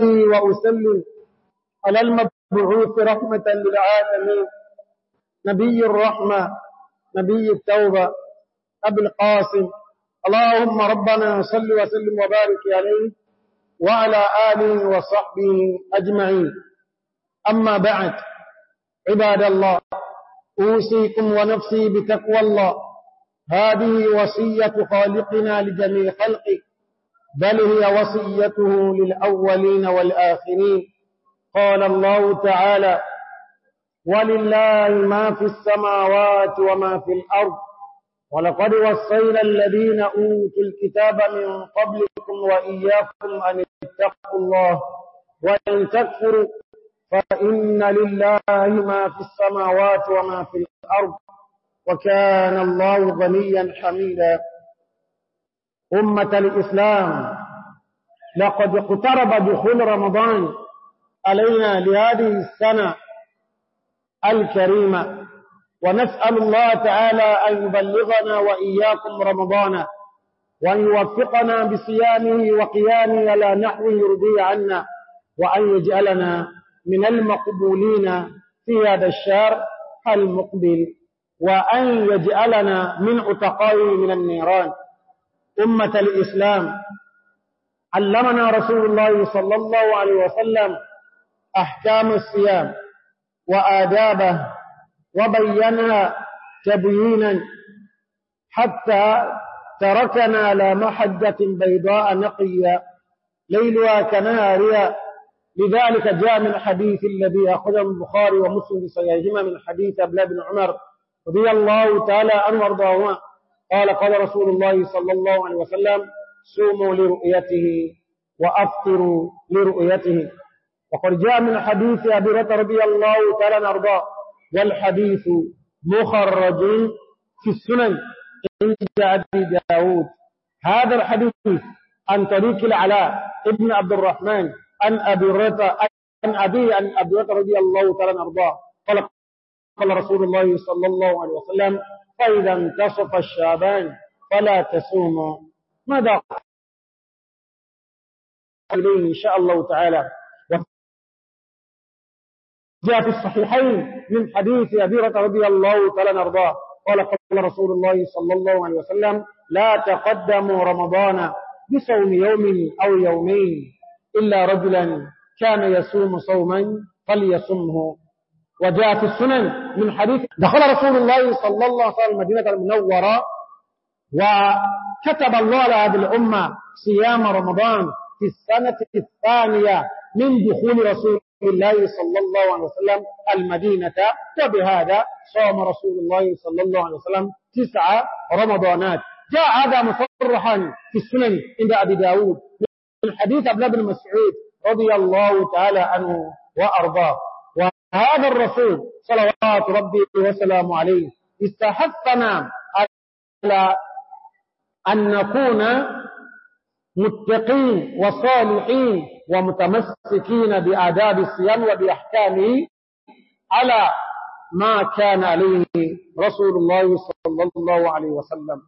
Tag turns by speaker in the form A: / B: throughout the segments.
A: وأسلم على المبعوث رحمة للعالمين نبي الرحمة نبي التوبة أبي القاسم اللهم ربنا صل وسلم وبارك عليه وعلى آله وصحبه أجمعين أما بعد عباد الله أوصيكم ونفسي بتقوى الله هذه وصية خالقنا لجميع خلقه بل هي وصيته للأولين والآخرين قال الله تعالى ولله ما في السماوات وما في الأرض ولقد وصينا الذين أوتوا الكتاب من قبلكم وإياكم أن اتقوا الله وإن تكفروا فإن لله ما في السماوات وما في الأرض وكان الله غنيا حميدا أمة الإسلام لقد اقترب دخول رمضان علينا لهذه السنة الكريمة ونسأل الله تعالى أن يبلغنا وإياكم رمضان وأن يوفقنا بصيامه وقيامه على نحو يرضي عنا وأن يجعلنا من المقبولين في هذا الشهر المقبل وأن يجعلنا من أتقائه من النيران أمة الإسلام علمنا رسول الله صلى الله عليه وسلم أحكام الصيام وآدابه وبينها تبيينا حتى تركنا لا محجة بيضاء نقية ليلها كنهارها لذلك جاء من حديث الذي أخذه البخاري ومسلم سيهجم من حديث أبلا بن عمر رضي الله تعالى أن وارضاهما قال قال رسول الله صلى الله عليه وسلم سوموا لرؤيته وأفطروا لرؤيته وقد جاء من حديث أبي رضي الله تعالى نرضى والحديث مخرج في السنن عند أبي داود هذا الحديث عن طريق العلاء ابن عبد الرحمن عن أبي رضي عن أبي عن أبي رضي الله تعالى نرضى قال قال رسول الله صلى الله عليه وسلم فإذا انتصف الشعبان فلا تصوموا ماذا إليه إن شاء الله تعالى جاء في الصحيحين من حديث أبيرة رضي الله تعالى نرضاه قال قال رسول الله صلى الله عليه وسلم لا تقدموا رمضان بصوم يوم أو يومين إلا رجلا كان يصوم صوما فليصمه وجاء في السنن من حديث دخل رسول الله صلى الله عليه وسلم المدينة المنورة وكتب الله لهذه الأمة صيام رمضان في السنة الثانية من دخول رسول الله صلى الله عليه وسلم المدينة وبهذا صام رسول الله صلى الله عليه وسلم تسع رمضانات جاء هذا مصرحا في السنن عند أبي داود من حديث ابن بن مسعود رضي الله تعالى عنه وأرضاه هذا الرسول صلوات ربي وسلام عليه استحثنا على أن نكون متقين وصالحين ومتمسكين بآداب الصيام وبأحكامه على ما كان عليه رسول الله صلى الله عليه وسلم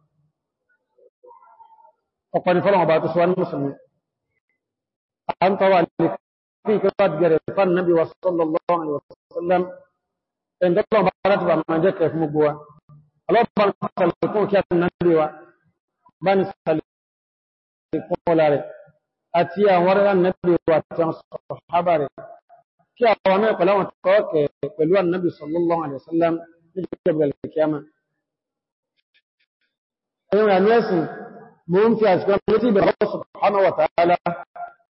A: ọ̀pọ̀ ni fọ́lọ̀wọ̀ bá tó ṣe fi kẹwàá gẹ̀rẹ̀ fán nábi wa sallallahu alaihi wasallam ẹn tó lọ́wọ́ bá láti bá máa jẹ́ kẹ fún gbogbo wa ọlọ́pàá ní sàlẹ̀kún kí a nábi wa bá ní sàlẹ̀kún ọlá rẹ̀ àti àwọn rẹ̀ nábi wa tán sọ̀hábà rẹ̀ kí àwọn náà pẹ̀lú àwọn tọ́ kẹ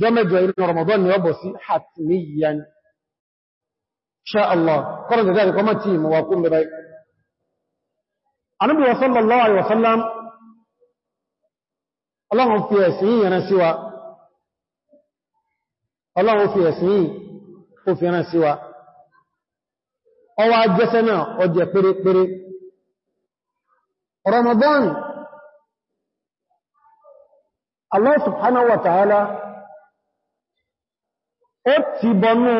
A: jọmẹjọ inú Ramadan ni ọbọ̀ sí hatmiyan sha Allah kọ́rọ̀ da dáadé kọmọ̀ tí mọ̀ wàkún bẹ̀rẹ̀ Ànábì wa sallallahu alaihi wasallam Ọlọ́run fi ẹ̀sìn yana síwa Ọlọ́run fi ẹ̀sìn ó fi yana síwa ọwá jẹ́sẹ́ náà ọjẹ́ pérépéré Ramadan Allah subhanahu wa ta'ala ó ti bọnú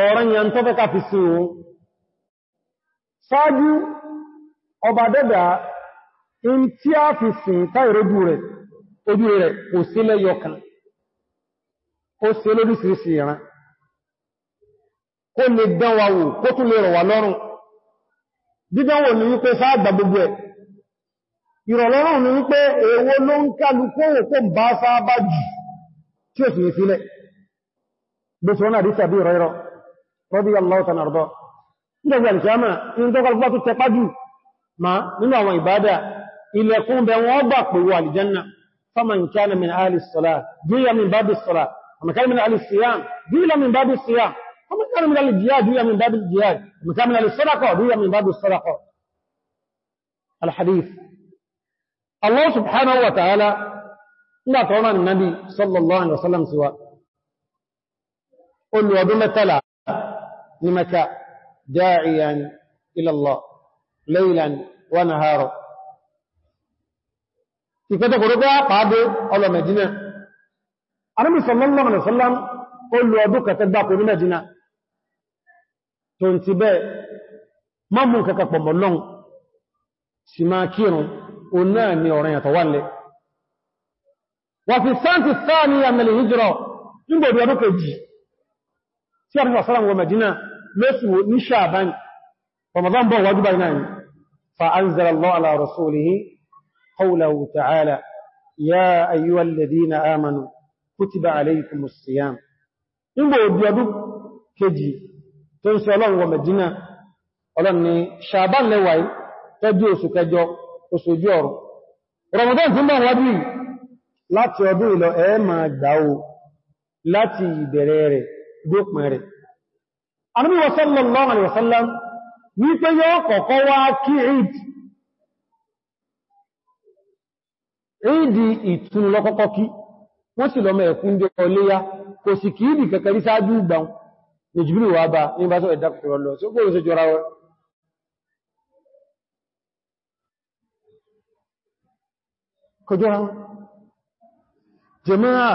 A: ọ̀rán yẹn tó fẹ́ka fi sí ṣáájú ọba dẹ́dà in tí a fi sìn táìrójú rẹ̀ ojú rẹ̀ kò sí lẹ́yọkan ó sí lóríṣìíríṣìí ìran kó lè dánwà kó tún lè rọ̀ lọ́rùn dídánwò ní wípé gbogbo ẹ̀ ìrọ̀lọ́rùn ní wípé èwo ló ń kálukó òkú bá jù tí sì sílẹ̀ بسونا ريسا بي ريرا رضي الله تنرضى إذا قال سامة إن دوغ الله تتقاجو ما من هو إبادة إلا يكون بأوضع قوة لجنة فمن كان من أهل الصلاة جي من باب الصلاة ومن كان من أهل الصيام جي من باب الصيام ومن كان من أهل الجهاد جي من باب الجهاد ومن كان من أهل الصدقة جي من باب الصدقة الحديث الله سبحانه وتعالى لا ترون النبي صلى الله عليه وسلم سواه olù ọdún mẹ́tàlá داعيا إلى الله ليلا ونهارا. wa nahara ìfẹ́tẹ̀kọ̀rọ̀gbá pàádé ọlọ Mẹ̀dínà Ànábì sallallahu alaihi wasallam olù ọdún kẹtẹgbà kò ní Mẹ̀dínà tó ń ti bẹ́ẹ̀ mọ́mù kẹkàpọ̀ mọ̀lọ́n sì máa kírùn o náà ni ọ̀rọ̀ yàtọ̀ wà lẹ́ wà fi sáàtì sáà ní tí àríwá sọ́lọ́wọ́ Madina lóṣù ní ṣàbán Ramadan bọ̀ wájú báyìí náà fa anzalallahu ala rasulihi qawlahu ta'ala ya ayyuhal ladina amanu kutiba alaykumus siyam nígbà òbí ọdún kejì tó ń sọ ọlọ́wọ́ Madina ọlọ́n ni ṣàbán lẹ́wàá tọ́jú oṣù kẹjọ láti ọdún ìlọ ẹ̀ẹ́ gbáwó láti ìbẹ̀rẹ̀ rẹ̀ dópin rẹ̀. Ànábì sallallahu alaihi wasallam ní pé yọ́ kọ̀kọ́ wá kí Eid. Eid ìtúnu lọ́kọ́kọ́ kí, wọ́n sì lọ́mọ ẹ̀kún jẹ́ ọléyá, kò sì kí ìdì kẹkẹrí sáájú ìgbà ní Jibril wá bá ní bá sọ ẹ̀dá kòrò lọ, sí gbóòrò sí jọra wọn. Kọjọ́ra wọn. Jàmáà,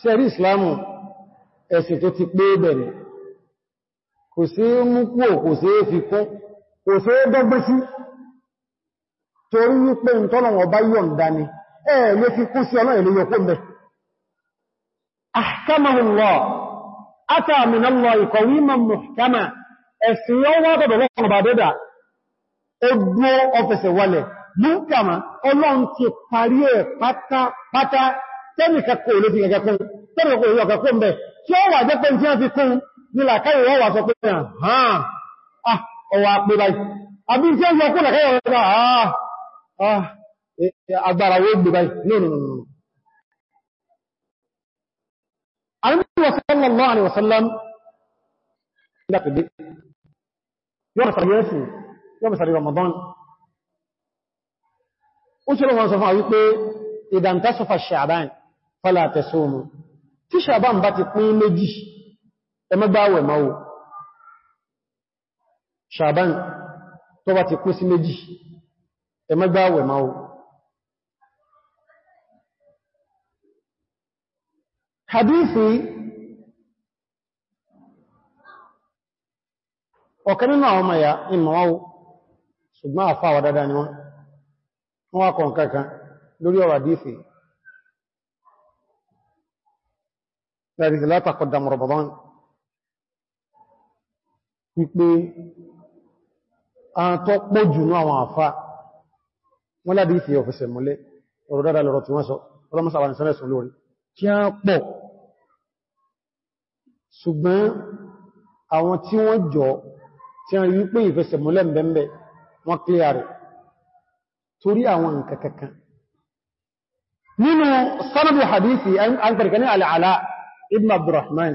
A: sẹ́rí Ìsìlámù, ẹ̀sìn tó ti pé bẹ̀rẹ̀ kò sí mú kú ò kò sí fi kún kò sí dọ́gbé sí torí wípé ìtọ́lọ̀wọ̀ bá yọ̀ ń dání ẹ̀ lé fi kún sí ọlọ́ ìlú yọkó mẹ́ ahkamahullah ata min Allah qawiman muhkama ẹ̀sìn yọ wá tọ̀dọ̀ lọ́kọ̀ọ̀bà dẹ́dà ẹgbó ọfẹsẹ̀ wọlẹ̀ múkàmá kò lè fi gẹ̀gẹ̀ kún tẹ́nìkà kò lè ọ̀gẹ̀ kún bẹ́ẹ̀ tí ó wà jẹ́ pé tí wọ́n fi kún ní làkáyẹ̀ wọ́n wà sọ pé hàn ah, ọwà pé báyìí àbí tí ó yọ kún làkáyẹ̀ wọ́n wà ah, ah, e, e, agbára wó gbé báyìí no no no Ànábì sallallahu alaihi wasallam ó ṣe lọ́wọ́ sọ fún àwípé ìdàntásọ́fà ṣàbáyìn fọ́lá tẹ̀sọ́mù tí ṣàbán bá ti pín méjì ẹmẹ́gbàwẹ̀ máa wò ṣàbán tó bá ti pín sí méjì ẹmẹ́gbàwẹ̀ máa wò hadithi nínú àwọn ọmọ ya ṣùgbọ́n àfáwà dáadáa ni wọ́n wọ́n lórí ọ̀rọ̀ ذلك لا تقدم رمضان wípé àwọn tó pọ̀ jù ní àwọn àfá wọ́n lábí ìfẹ́ ọ̀fẹ́sẹ̀ mọ́lé ọ̀rọ̀ dáadáa lọ́rọ̀ tí wọ́n sọ ọlọ́mọ́sà àwọn ìsẹ́rẹ̀sùn lórí kí a pọ̀ ṣùgbọ́n àwọn tí wọ́n jọ tí a rí wípé ìfẹ́sẹ̀ mọ́lé mbẹ̀mbẹ̀ torí àwọn nǹkan kankan nínú sanabu hadithi an kàrìkaní al'ala ibn abdurrahman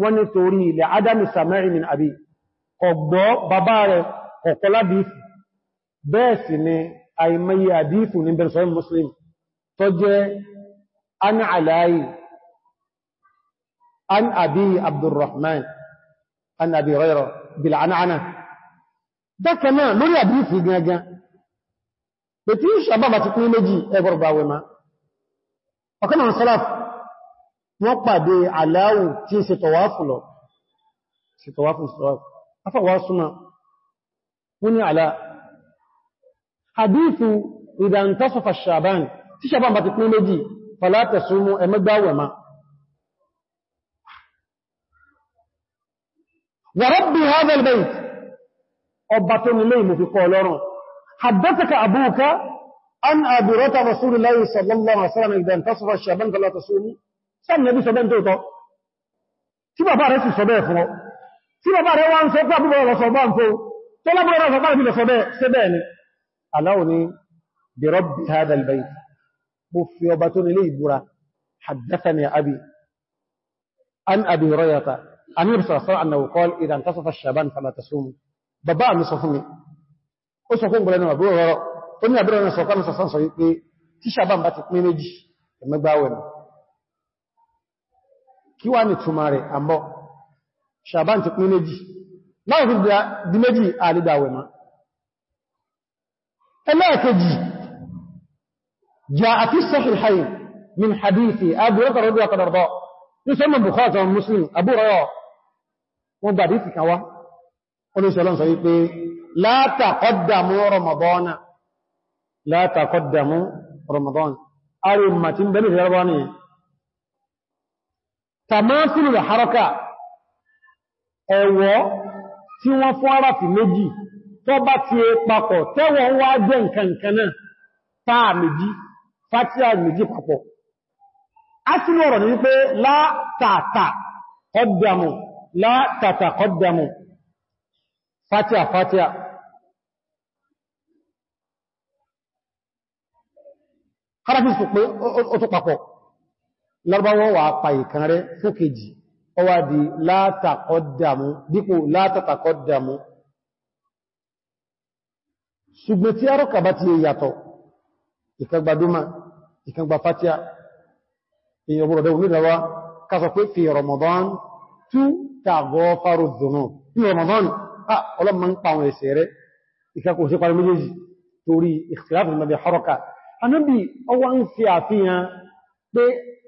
A: wọ́n ní torí ilẹ̀ adam samari min abi ọgbọ́ bàbá rẹ̀ ọ̀kọ́lá bífù bẹ́ẹ̀ sì ni àìmẹ́yẹ àdífù ní bẹ̀rẹ̀ muslim tó jẹ́ an alayi an abi abdurrahman an abi ghayra bil'ana'ana dákanáà lórí àdífù gangan bẹ̀tí ìṣàbàbà ti kún méjì ẹgbọ̀rọ̀gbàwẹ̀ ma ọkànà sálàfù wọ́n pàdé aláwù tí ń ṣe tọ̀wáfù lọ ṣe tọ̀wáfù ṣọ̀wáfù afọ̀wá súnmọ́ wọ́n ni àlá hadithu ìdántasọ̀fà ṣàbán tí ṣàbán bá ti pín méjì fàlátẹ̀ súnmọ́ ẹmẹ́gbàwẹ̀má wa rabbi hadha albayt ọba tó nílé ìmòfikọ́ ọlọ́run haddataka abuka an abirata rasulullahi sallallahu alaihi wasallam idan tasfa shaban sáàmì ẹbí sọ́bẹ́ tó tọ́ tí bàbá rẹ̀ sì sọ́bẹ́ fún ọ tí bàbá rẹ̀ wá ń sọ pẹ́ àbúrò ọ̀sọ̀bá ń fó tó lábúrò ọ̀sọ̀bá ń fi lọ sọ́bẹ́ ni aláwọ̀ ni bi rabbi hadha al-bayt mo fi ọba tó nílé ìbúra haddathani abi an abi hurayrata an yursa sallallahu shaban fala tasum bàbá mi sọ fún mi kí wá ní túnmà rẹ̀ àmbọ́ ṣàbán ti pín méjì láwọn fi di méjì àdídáwẹ̀ ma ẹlẹ́ẹ̀kejì جاء في الصحيحين من حديث أبو هريرة رضي الله عنه يسمى البخاري ومسلم أبو هريرة وحديث كوا قال صلى الله عليه وسلم لا تقدموا رمضان لا تقدموا رمضان أرمتين بني رمضان tàmáfìlù rẹ̀ haraka ẹ̀wọ́ tí wọ́n fún ara fi méjì tó bá ti e papọ̀ tẹ́wọ̀n wá jẹ́ nǹkankan náà táà méjì fátíà méjì papọ̀ a ti ní ọ̀rọ̀ ní wípé látàtà kọ́dàmù látàtà kọ́dàmù fátíà fátíà kára fi sùn pé ó tó papọ̀ lọ́rọ̀báwọ́ wà pa ìkan rẹ fún kejì ó wá di látàkọ́dàmú dípò látàkọ́dàmú ṣùgbọ́n tí arọ́kà bá ti yàtọ̀ ìkẹgbàdúmà ìkẹgbà fatia èyàn gbọ́rọ̀dẹ̀ onídàwà kásọ̀ pé fi Ramadan tú tààgọ́ fáró dùnú ní Ramadan ọlọ́mọ ń pa àwọn ẹ̀sẹ̀ rẹ ìkẹ́kọ̀ọ́ sí parí méjèèjì torí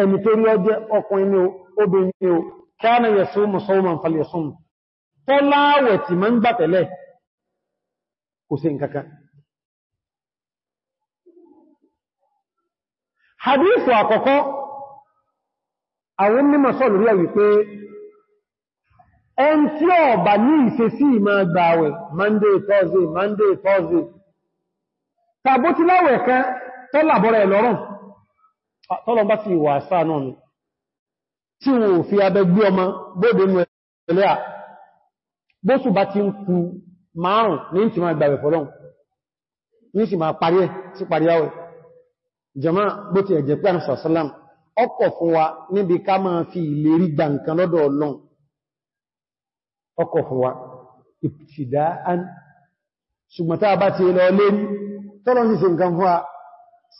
A: ẹni tó rí ọjẹ́ ọkùnrin ni obìnrin ni o kana yasumu sawman falyasum tó láwẹ̀ tí ma ń gbà tẹ́lẹ̀ kò sí nkaka hadithu àkọ́kọ́ àwọn mímọ̀ sọ lórí ẹ̀ wípé ẹn tí ó bá ní ìṣesí ìmọ̀ gbàwẹ̀ Monday Thursday Monday Thursday tàbótíláwẹ̀ kan tọ́làbọ́rẹ̀ lọ́rùn tọ́lọ bá ti wà sáà náà ni tí wọ́n fi abẹ gbé ọmọ bóòdó ní ẹ̀lẹ́ à bóòsù bá ti ń kú márùn ní ti máa gbàwẹ̀ fọ́lọ́n ní sì máa parí ẹ̀ sí parí àwẹ̀ jàmá bó ti ẹ̀jẹ̀ pé àrùsà sálàm ọkọ̀ fún wa níbi ká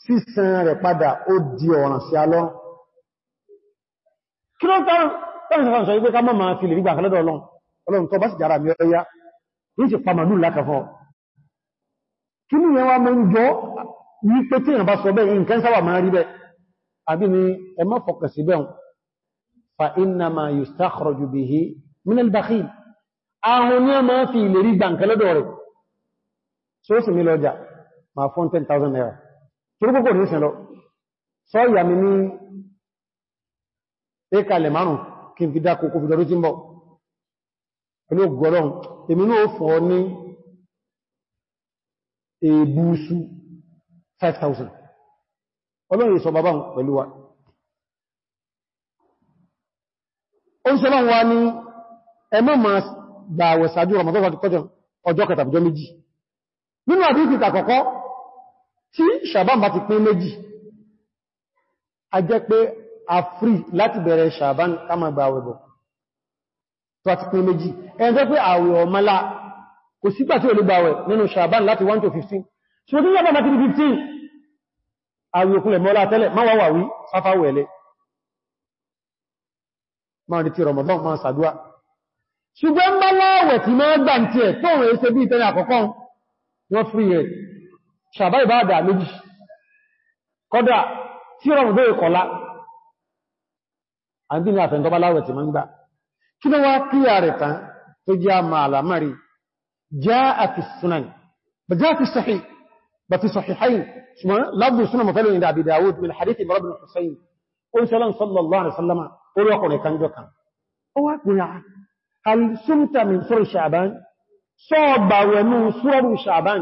A: sísan rẹ̀ padà ó di ọ̀ràn sí alọ́. Kí ló tọ́rọ sọ wípé ká mọ́ máa fi lè rígbà kọlọ́dọ̀ ọlọ́run, ọlọ́run tó bá sì jára mi ọya, ní ti pàmàlú lákàfọ́. Kí ní ẹwà mọ́ ń jọ ní pé tí ìrìnbá sọ bẹ́ẹ̀ nǹkan sáwà máa rí bẹ́ẹ̀, àbí ni ẹ mọ́ fọkà sí bẹ́ẹ̀ fa innama 10,000 naira torí gbogbo ní ìsìn lọ sọ ìyàmì ní ẹkàlẹ̀ márùn kí n fi dákò kò fi dọ̀rú tí ń bọ̀ pẹ̀lú gọ́rọ̀n èmi náà fọ́ ní èbúsù 5,000 ọlọ́rin ìsọ bàbá pẹ̀lú wa ó ń sọ́lọ́run wa ní ẹmọ́ ma gbàwẹ̀ sàájú ọmọdé tí ṣàbán bá ti pín méjì a jẹ́ pé a frí láti bẹ̀rẹ̀ ṣàbán ká máa gba àwẹ̀bọ̀ tó a ti pín méjì ẹni jẹ́ pé àwẹ̀ ọmọlá kò sígbà tí olúgbà àwẹ̀ nínú ṣàbán láti 1 to 15 ṣe tí yàbá ti 15 àwẹ̀ òkúnlẹ̀ mọ́lá tẹ́lẹ̀ má wà wàwí sáfáwẹ̀lẹ̀ Ramadan máa sàdúwà ṣùgbọ́n bá láwẹ̀ tí máa gbà ń tiẹ̀ tó rẹ̀ ṣe bí ìtẹ́lẹ̀ àkọ́kọ́ wọ́n fúrí rẹ̀ ṣàbá ìbáadà méjì kọ́dà tí rọrùn bẹ́ ìkọ̀lá àbí ní àfẹ́ntọ́bá láwẹ̀ tí ma ń gbà kí ló wá kíyà rẹ̀ tán tó jẹ́ àmà àlàmàrí já àti sunan bá já fi sahih bá fi sahihayn ṣùgbọ́n lábù sunan mafẹ́lú ìdá Abi Dawud min hadith Imran bin Husayn on salam sallallahu alaihi wasallam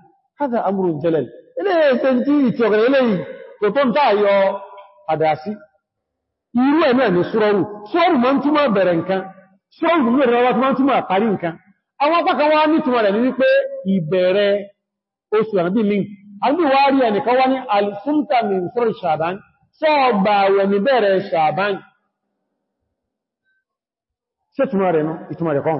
A: هذا أمر جلل إليه تنتهي تغير إليه وطن تعيو أداسي irú ẹ̀mẹ́ ni ṣúrọ̀rù ṣúrọ̀rù ma ń túnmọ̀ bẹ̀rẹ̀ nǹkan ṣúrọ̀rù ní ìrọ̀wà tí ma ń túnmọ̀ àparí nǹkan àwọn apákan wá ní túnmọ̀ rẹ̀ ní wípé ìbẹ̀rẹ̀ oṣù àbí mi àbí wá ṣe túnmọ̀ rẹ̀ nù ìtúnmọ̀ rẹ̀ kọ́n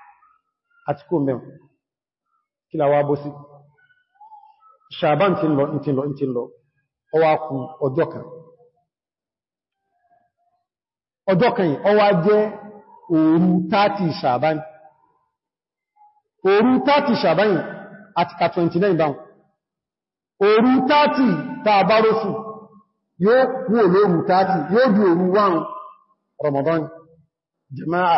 A: àti kó mẹ́un kí la wá bó sí ṣàbán tí lọ kan ọjọ́ kan yìí ọwá jẹ́ ooru ṣàbán ooru ṣàbán yìí ka 29 dáun yóò kú olóòrù yóò di ooru wáhùn Ramadan jama'a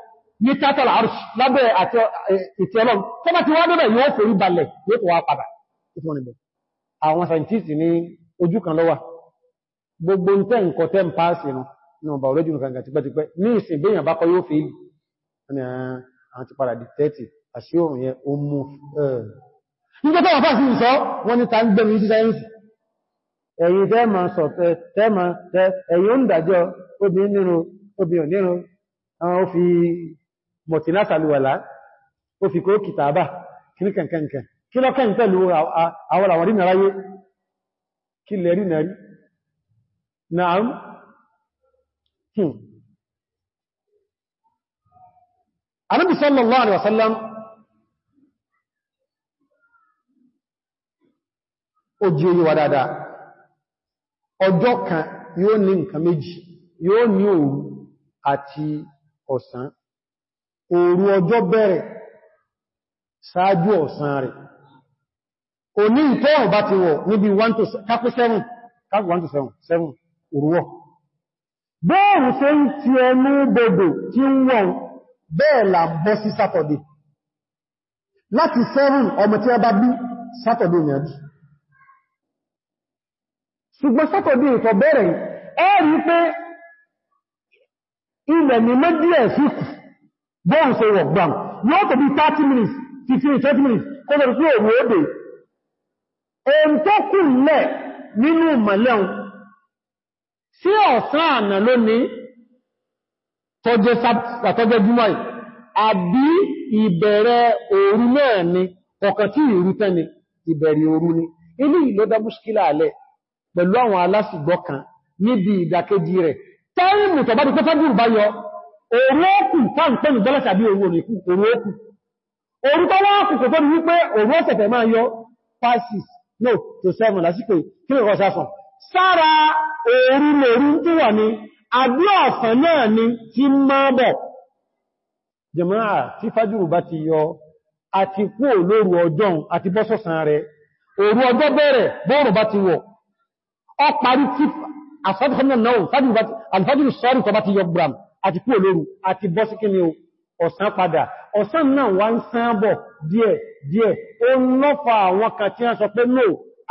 A: ní tátàlà àrùs lábẹ́ àti ìtì ọlọ́run tó bá ti wá níbẹ̀ yóò forí balẹ̀ yóò tó wá padà àwọn sàìtíìsì ní ojú kan lọ́wà gbogbo ń tẹ́ ǹkan tẹ́ ń páàsì nù náà bà ọ̀rẹ́jù nǹkan àti pẹ́tipẹ́ ní ìsìn béèyàn bá kọ yóò fi ìlú ah, àwọn ti padà di 30 àṣí òun yẹn ó mú ẹ̀ẹ́ nígbẹ́ tọ́wọ́ fásí ìsọ wọ́n ní ta ń gbẹ̀mí sí sáyẹ́nsì ẹ̀yìn tẹ́ẹ̀mà sọ tẹ́ẹ̀mà ẹ̀yìn ó ń dàjọ́ obìnrin nínú obìnrin nínú àwọn ó fi bọ̀tí látàlúwàlá ó fi kó kìtàbà kìníkànkankan kí lọ́kàn pẹ̀lú àwọn àwọn rí nàráyé kí lè rí na naam hmm anábi sallallahu alaihi ó jí wa dáadáa ọjọ́ kan yóò ní nǹkan méjì yóò ní òru ọjọ́ bẹ̀rẹ̀ ṣáájú ọ̀sán rẹ̀ òní ìtọ́rùn bá ti wọ̀ níbi 1 to 7 òruwọ́ bẹ́ẹ̀rù ṣe ń ti ẹnu gbogbo tí ń wọ̀n bẹ́ẹ̀ là bọ́ sí sátọ̀dé láti 7 ọmọ tí a bá bí sátọ̀dé ìyànjú ṣùgbọ́n sátọ̀dé ìtọ̀ bẹ̀rẹ̀ ẹ̀rí pé ilẹ̀ ni mẹ́díẹ̀ síkù bọ́ọ̀n ṣe wọ̀ gbàm yóò tó bí 30 minutes 15-20 minutes kó lọ sí òwò òdè ohun tó kù lẹ̀ nínú mọ̀lẹ́un sí ọ̀sán àná lónìí tọ́jẹ́ jùmọ́ àbí ìbẹ̀rẹ̀ òru náà ni ọ̀kan tí ìrú tẹ́ni ìbẹ̀rẹ̀ òru ni ilé ìlọ́dá múṣkílà alẹ́ pẹ̀lú àwọn alásìgbọ́ kan níbi ìdàkejì rẹ̀ táìmù tọ̀bá ti pẹ́fẹ́ gùn bá yọ òru ókù táàpẹ́ ní dọ́lẹ̀ tàbí owó nìkú òru ókù òru tó wá kùkù tó ní wípé òru ọ̀sẹ̀fẹ̀ máa yọ 5-6 no to 7 lásìkò kí ní ọ̀sásàn sára òru lòru tó wà ní àbí ọ̀sán náà ni tí máa bọ̀ jẹ̀máà tí fájúrù bá ti yọ àti kú olóru ọjọ́ àti bọ́sọ̀sán rẹ̀ àti kú olóru àti bọ́ sí kíni ọ̀sán padà ọ̀sán náà wá ń sáábọ̀ díẹ̀ díẹ̀ ó ń àwọn kan tí a sọ pé no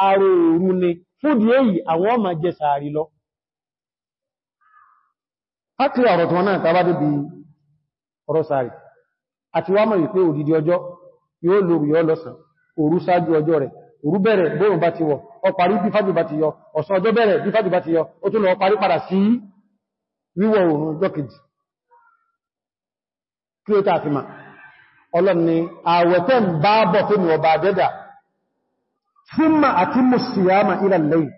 A: àrò òru ni fúdí èyí àwọn ọmọ jẹ sàárì lọ
B: ákìrí ọ̀rọ̀ tí wọ́n náà tàbá débi
A: ọ̀rọ̀ sàárì àti wá mọ̀ wípé òdìdí ọjọ́ yóò bẹ̀rẹ̀ bóòrùn bá ti wọ̀ ó bí fájú bá ti yọ ọ̀sán ọjọ́ bẹ̀rẹ̀ bí fájú bá ti yọ ó tún lọ parí padà sí wíwọ̀ òun ọjọ́ kejì kí ó tààfi ma ọlọ́ni àwẹ̀tẹ́ ń bá bọ̀ fún ọba àdẹ́dà fúnmà àti mùsùlùmà ilẹ̀ lẹ́yìn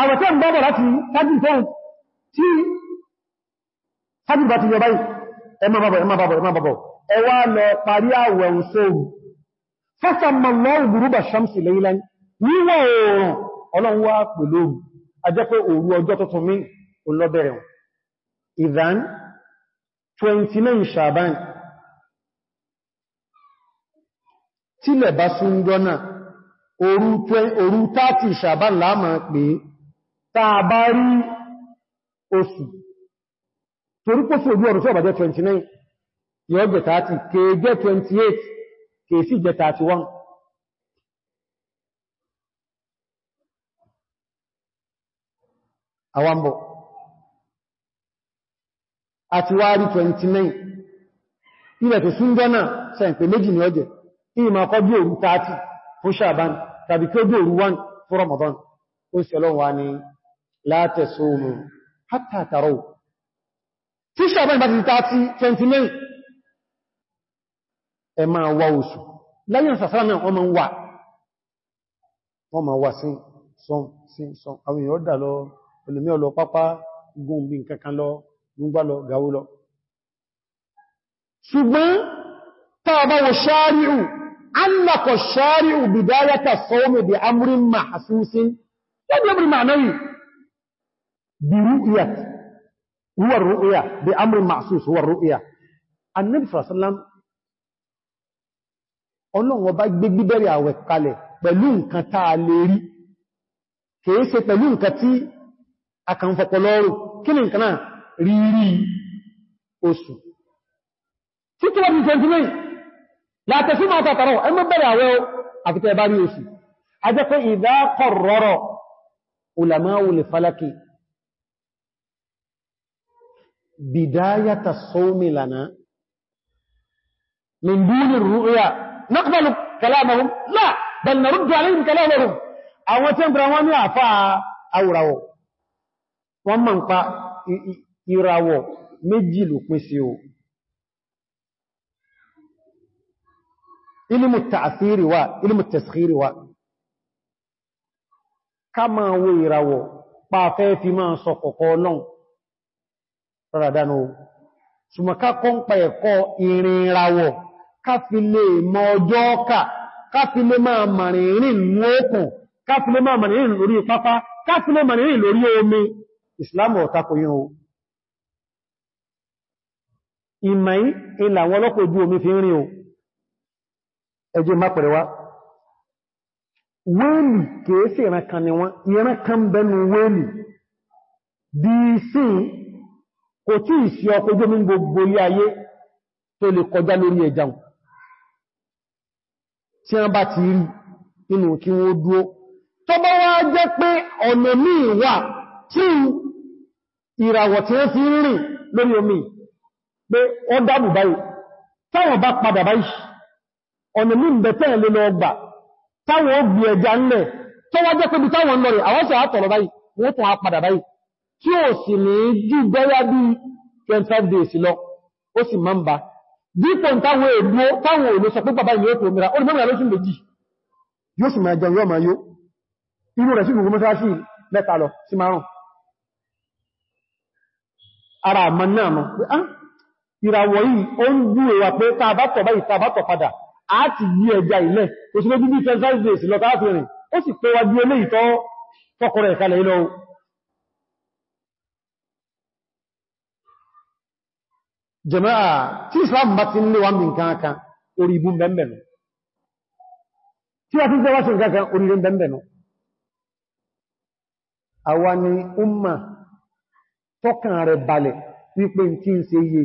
A: àwẹ̀tẹ́ ń bá bọ̀ láti tájì tó tí tájì bá ti yọ báyìí ẹ má bàbọ̀ ẹ má bàbọ̀ ẹ ọjọ́ tuntun mí òun lọ wọn ìdán 29 ṣàbán tílẹ̀ bá súnjọ́nà òru 30 ṣàbán láàmà pé tàà bá rí oṣù torí pọ́ sí ojú ọ̀rọ̀ tí ó bá jẹ́ 29 yóò jẹ́ 30 kèé jẹ́ 28 kèé sì jẹ́ 31 àwọn bọ̀ àti wárí 29 ilẹ̀ tó súnjọ́ náà sẹ́ǹpẹ̀ méjì ní ọjẹ́ ma ọkọ́ bí òru 30 fún ṣàbán tàbí kí ó bí òru 1 fún Ramadan ó sì ọlọ́run wá ní látẹ̀sọ́mù hátàtàrọ tí ṣàbán bá ti 30 29 ẹ máa wá oṣù lẹ́yìn sàsára náà wọ́n máa wà wọ́n máa wà sí sọ́n sí sọ́n àwọn èèyàn dà lọ olùmí ọlọ ń gbá lọ gàwó lọ ṣùgbọ́n tàbá wo ṣáríù annakọ̀ ṣáríù bidayata sọ́wọ́mù bí amúrin ma àṣúnsí yàbí amúrin ma náà bí rú'íyà huwa rú'íyà bí amúrin ma àṣúnsí huwa rú'íyà annabi sallam ọlọ́run ọba gbé gbíbẹ̀rẹ̀ àwẹ̀ kalẹ̀ pẹ̀lú nǹkan táa lè rí kìí ṣe pẹ̀lú nǹkan tí a kàn fọpọlọ́rù kí ni nǹkan náà rírí oṣù títí wọ́n ti tẹ́ntí mẹ́yìn látẹ̀sí máa tàtàrọ ẹmọ́ bẹ̀rẹ̀ àwẹ́ àfitẹ́ ẹbá rí oṣù a jẹ́ pé ìdákọ̀ rọrọ̀ ulamaul falaki bidayata sawmi lana min duni ru'ya naqbalu kalamahum la bal naruddu alayhim ìràwọ̀ méjì ló pín sí o ilmù tààfíìrì wà ilmù tàṣíìrì wà ká máa wo ìràwọ̀ pàfẹ́ fi máa sọ kọ̀kọ́ ọlọ́run rádánú ṣùgbọ́n kọ́ ń pa ẹ̀kọ́ ìrìn ìràwọ̀ ká fi lè mọ ọjọ́ ọkà ká fi lè máa màrìnrìn lóòkùn lórí pápá ká fi ìmọ̀ ìlà àwọn ọlọ́pọ̀ ojú omi fi ń rí o ẹjẹ́ má pẹ̀rẹ̀ wá wéèlì kèése ìrankan ni wọ́n ìrankan bẹnu wéèlì bí i sí kò tí ìsí ọkọ̀ ojú omi gbogbo ilé ayé tó lè kọjá lórí ẹja lórí omi pé ó dábù báyìí táwọn bá padà báyìí ọ̀nà mí bẹ̀tẹ̀ lè lọ ọgbà táwọn ó gbì ẹ̀dà ńlẹ̀ tó wá jẹ́ pébi táwọn lọ rẹ̀ àwọn sì àtọ̀rọ̀ báyìí wọ́n tún á padà báyìí tí ó sì ní jù bẹ́yà bí 25 days lọ ó sì máa ń ba dípò táwọn èdúó táwọn èlò sọ pé bàbá ìlú ètò òmìnira ó ní mẹ́rin lóṣù méjì yóò sì máa jẹun yóò máa yó inú rẹ̀ sí gbogbo mọ́sáṣí mẹ́ta lọ sí márùn-ún ara àmà náà mọ̀ pé ah ìràwọ̀ yìí ó ń bú ìwà pé tàbátọ̀ báyìí tàbátọ̀ padà a ti yí ẹja ilẹ̀ kò sí lójú bí 25 days lọ tàbátọ̀ rìn ó sì pé wájú olé ìtọ́ fọ́kọrọ ìkalẹ̀ ilọ̀ jẹ̀mẹ́ra tí Islam bá ti nílé wọn bí nǹkan kan orí ibú bẹ̀m̀bẹ̀nu tí wá tí gbọ́wọ́ sí nǹkan kan orí bẹ̀m̀bẹ̀nu àwa ni umma tọ́kàn rẹ̀ balẹ̀ wípé tí ń ṣe yìí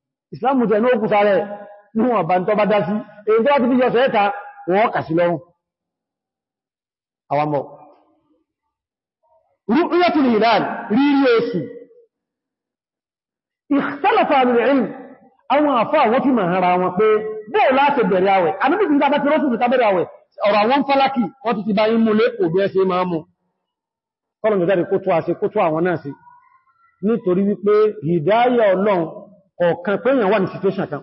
A: ìsìláàmù jẹ́ ní ó kùsà rẹ̀ níwọ̀n bá ń tọ́ bá dá sí èyí tó wá ti fi yọ sẹ́ẹ̀ta wọ́n kà sí lọ́rùn àwàmọ̀ rúkúyàtùl hilal rírí oṣù ikhtalafa al-ilm àwọn àfá àwọn fi màára wọn pé bóò láti bẹ̀rẹ̀ àwẹ̀ àbíbìtì nígbà tí rọ́sùn ta bẹ̀rẹ̀ àwẹ̀ ọ̀rọ̀ àwọn fálákì wọ́n ti ti bá kọ̀ọ̀kan pé wà ní situation kan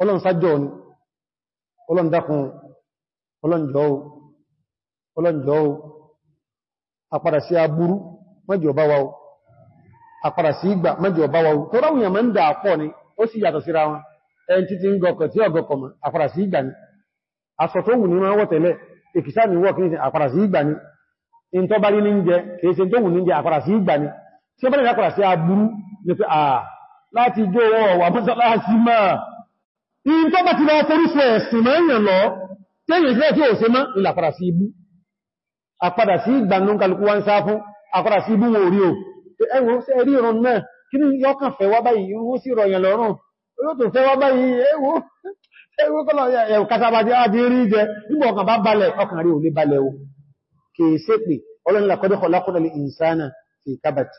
A: ọlọ́run sájọ́ ni ọlọ́run dákun ọlọ́run jọ̀ọ́ ọlọ́run jọ̀ọ́ àpadà sí aburú mẹ́jọ bá wa o àpadà sí ìgbà mẹ́jọ bá wa o tó ráwùn yàn mẹ́ ń dà pọ̀ ni ó sì yàtọ̀ síra wọn ẹn títí ń gọkọ̀ tí ọgọkọ̀ mọ̀ àpadà sí ìgbà ni aṣọ tó wù ní máa wọ́tẹ̀lẹ̀ èkìsá ni wọ́ kìí àpadà sí ìgbà ni in tó bá rí ní jẹ kìí ṣe tó wù ní jẹ àpadà sí ìgbà ni tí ó bá lè dápadà sí aburú ni láti jó ọwà mọ́sálásí máa in tó bá ti lọ forúsọ ẹ̀sìn máa yàn lọ tẹ́yìn ìfẹ́ tí ó se mọ́ ìlàpadà sí ibú àpadà sí ìgbàmù kálukú wá ń sá fún àpadà sí ibú wọn orí o ẹwọ ẹ̀rí ìrọ̀ náà kí ni yọ́kàn fẹ́ wá báyìí irú sí rọ̀yàn lọ́rùn yóò tó fẹ́ wá báyìí ẹwọ ẹwọ kọ́lọ̀ ẹ̀wọ kásábàdé ájí rí jẹ nígbà ọkàn bá balẹ̀ ọkàn rí ò lè balẹ̀ o kèé sépè ọlọ́nà kọ́dẹ́kọ̀ lákọ́dẹ́lẹ̀ ìsáná fi kábàtì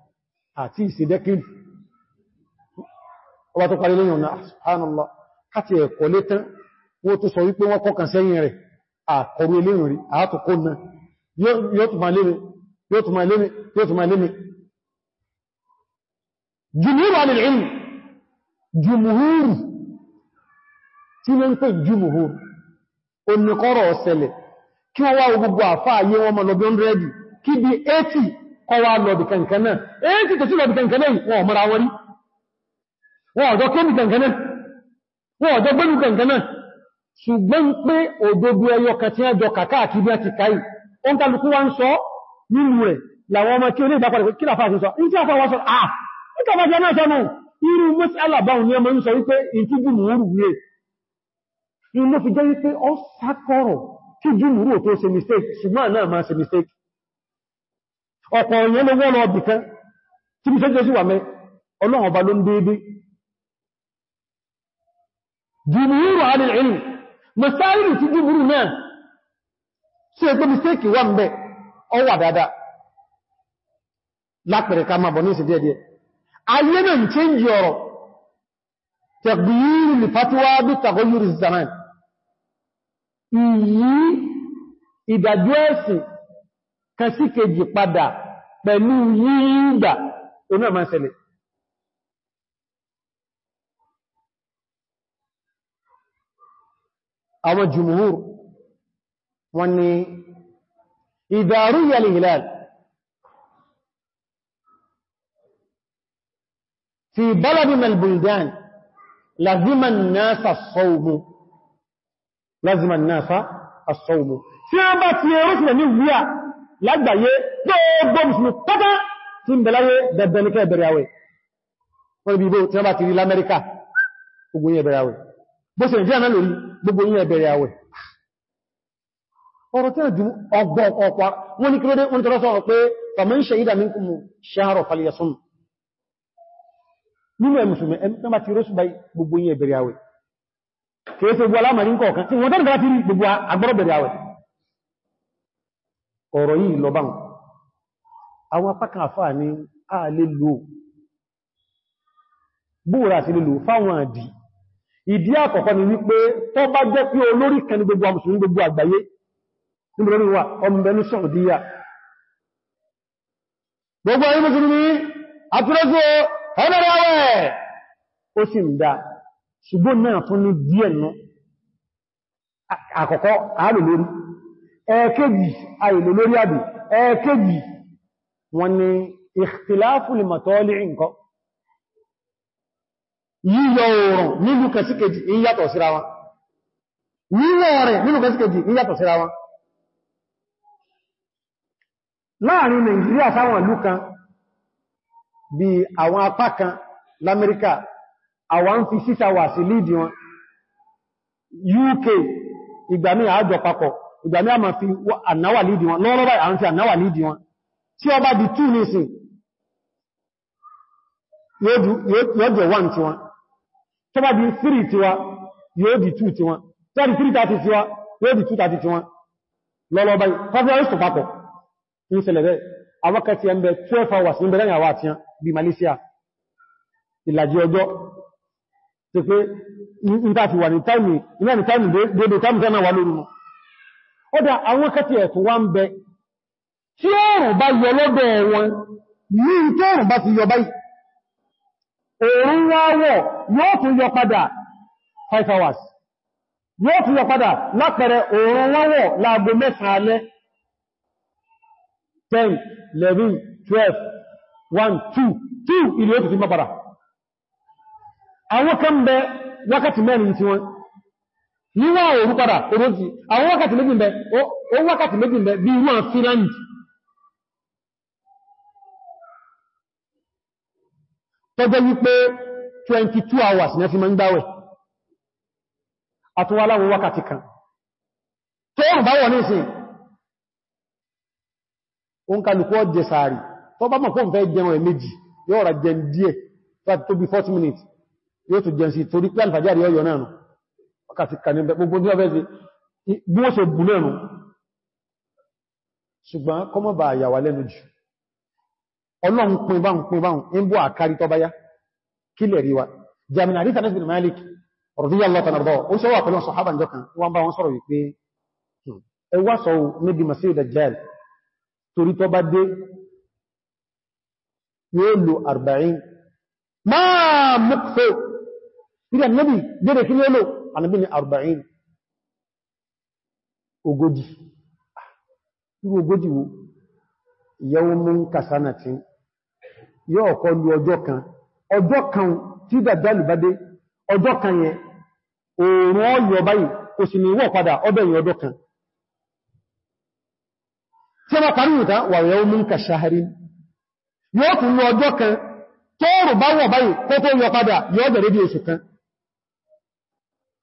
A: àti ìsìdẹ́kì ọba tó parí lẹ́yìn ọ̀nà subhanallah káti ẹ̀kọ́ létán wọ́n tó sọ wípé wọ́n kọ́kàn sẹ́yìn rẹ̀ àkọrù eléyìn rí àátòkó náà yóò tó lémi jùmúrù jùmúrù tí ń pè jùmúrù ọ̀sẹ̀lẹ̀ kí wọ́n wá gbogbo àfáà kọwa lọ́bì kankan náà èyí tí tẹ̀sí lọ́bì kankan náà wọ́n mara wọ́n rí wọ́n ọ̀dọ́ kébì kankan náà wọ́n ọ̀dọ́ gbẹ́lú kankan náà ṣùgbọ́n pé òdodo ẹyọ kan tí ẹjọ kàkàkiri àti káyì ó ń tó ṣe mistake ṣùgbọ́n náà máa ṣe mistake ọ̀pọ̀ èèyàn ló wọ́n tí mi sọ́jọ́ sí wà mẹ́ ọlọ́run ló ń déédé jùmúrù alìlú mẹ́sáàrì ti jùmúrù náà sí ẹgbẹ́ mistake wà mẹ́ ọwà dáadáa lápẹ̀rẹ̀ ká máa bọ̀ ní ìsìdí ẹ̀dẹ́ ayé náà pẹ̀lú yíyìngbà oní ọmọ ìṣẹ̀lẹ̀. Àwọn jùmúhùr wọn ni ìdàrú yàlì ìlàl fi baladi malbuldan laziman nasa sọ́ọ̀mù. Laziman nasa sọ́ọ̀mù. Tí wọ́n bá ti ẹrùsùn ní wíyà lágbàáyé gbogbo musulmi pátá tí ń bẹ̀láyé dẹ̀dẹ̀ ní kẹ́ ìbẹ̀rẹ̀ àwẹ̀ wọ́n ibi ibò tí wọ́n bá ti rí lamẹ́ríkà gbogbo yín ẹ̀bẹ̀rẹ̀ àwẹ̀ bó ṣe ìdí àná lórí gbogbo yín ẹ̀bẹ̀rẹ̀ àwẹ̀ ọ̀rọ̀ tí ju ọgbọ̀ ọ̀pá wọ́n ní kílódé wọ́n tọ́rọ sọ̀rọ̀ pé faman shahida minkum shahra tí wọ́n gbogbo agbọ́rọ̀ àwẹ̀ ọ̀rọ̀ yìí lọ báhùn àwọn apákan àfáà ní a lè lò búra sí lè lò fáwọn àdì ìdí àkọ́kọ́ ni wípé tó bá jẹ́ pé olórí kan ní gbogbo àmùsùn gbogbo àgbáyé níbẹ̀rẹ̀ wà ọmọbẹ̀nú ẹ̀ẹ̀kejì àìlò lórí àbì ẹ̀ẹ̀kejì wọn ni ìkhtiláfù lè mọ̀tọ́lì nǹkan yíyọ oòrùn nínú kẹsíkejì ìyàtọ̀ síra wọn yíyọ rẹ̀ nínú kẹsíkejì ìyàtọ̀ síra wọn láàrin Nàìjíríà sáwọn ìlú kan bí àwọn apá kan l'Amẹ́ríkà àwọn ń fi sísàwà sí lídì wọn UK ìgbàmí àájọ papọ̀ ìgbàmí àmà fi ànáwà lídì wọn lọ́rọ̀ báyìí àwọn fi ànáwà lídì wọn tí ó bá di 2 ní sin yóò jẹ 1 tiwọn tó bá di 3 tiwa yóò di 2 tiwọn tó bá di 330 tiwa yóò di 230 tiwọn lọ́rọ̀ báyìí conference tó papọ̀ ní ṣẹlẹ̀ bẹ́ẹ̀ awọ́kẹ́tì ẹmbẹ̀ 12 hours ní bẹ̀rẹ̀ àwà àti bí Malaysia ìlàjì ọjọ́ ti pé ní tàbí wà ní táìmì dédé táìmì tánà wà lórúmọ̀ ọdá àwọn kẹtì ẹ̀tù wá ń bẹ tí ọrùn bá yọ lọ́dọ̀ wọn ní tí ọrùn bá ti yọ báyìí òòrùn wá yóò tún yọ padà 5 hours yóò tún yọ padà lápẹẹrẹ òòrùn wá wọ̀ láago alẹ́ 10 11 12 1 2 2 ilé ó tún ti mọ́ padà àwọn kan bẹ wákàtí mẹ́rin tí wọ́n níwọ̀ òru padà oróti àwọn wákàtí méjì mẹ́ o wákàtí méjì mẹ́ bí wọ́n Finland tọ́jọ́ wípé 22 hours ní a fi mọ́ ń gbáwẹ̀ àtúnwà aláwọ̀ wákàtí kan tó wọ́n bá wọ̀ ní ìsìn o ń kàlùkù ọjẹ́ sàárì tó bá mọ̀ fún fẹ́ jẹun ẹ̀ méjì yóò rà jẹun díẹ̀ tó bí 40 minutes yóò tó jẹun sí torí pé alfàjárí ọyọ náà wákàtí kan níbẹ̀ gbogbo ní ọbẹ̀ sí bí wọ́n ṣe bù lẹ́nu ṣùgbọ́n kọmọ̀ bá àyàwà lẹ́nu jù ọlọ́run pín bá ń pín bá ń bó àkárí tọ́ báyá kí lẹ̀ rí wa jami'a rí Anas bin Malik radiyallahu anhu ó ṣe wà pẹ̀lú sàhábà jọ kan wọ́n hmm, máa mọ́kfẹ́ ìrìn ànábì dédé kí ní ó Ànábì arba'in ogójì irú ogójì wo yawmun kasanatin yawon kọ lu ọjọ́ kan ọjọ́ kan tí dàjálù kan yẹn oòrùn ọyọ̀ báyìí kò sì ni wọ́ padà ọdọ̀ yìí kan tí wọ́n parí ìta wà yawmun kashahrin yóò kan tóòrùn bá wọ̀ báyìí kó tó yọ padà yóò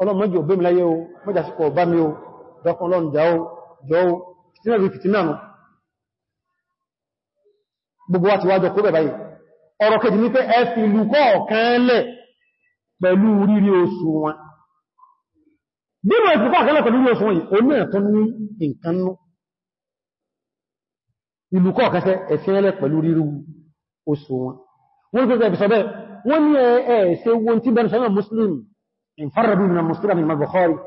A: ọlọ́mọ́jọ́ bẹ́ mi láyé o mọ́jàsíkọ̀ ọba mi o dọ́kan lọ́n jà o jọ o fìtínà rí fìtínà nù gbogbo wa ti wájọ kó bẹ̀báyìí ọ̀rọ̀ kejì ní pé ẹ fi ìlú kọ̀ọ̀kan lẹ̀ pẹ̀lú rírí oṣù wọn nínú ẹ̀sùn kọ̀ọ̀kan lẹ̀ pẹ̀lú rírí oṣù wọ́n ní ẹ̀ẹ́sẹ́ wọ́n tí bẹ̀rẹ̀ sọ́nà Muslim انفر به من المسلمة من البخاري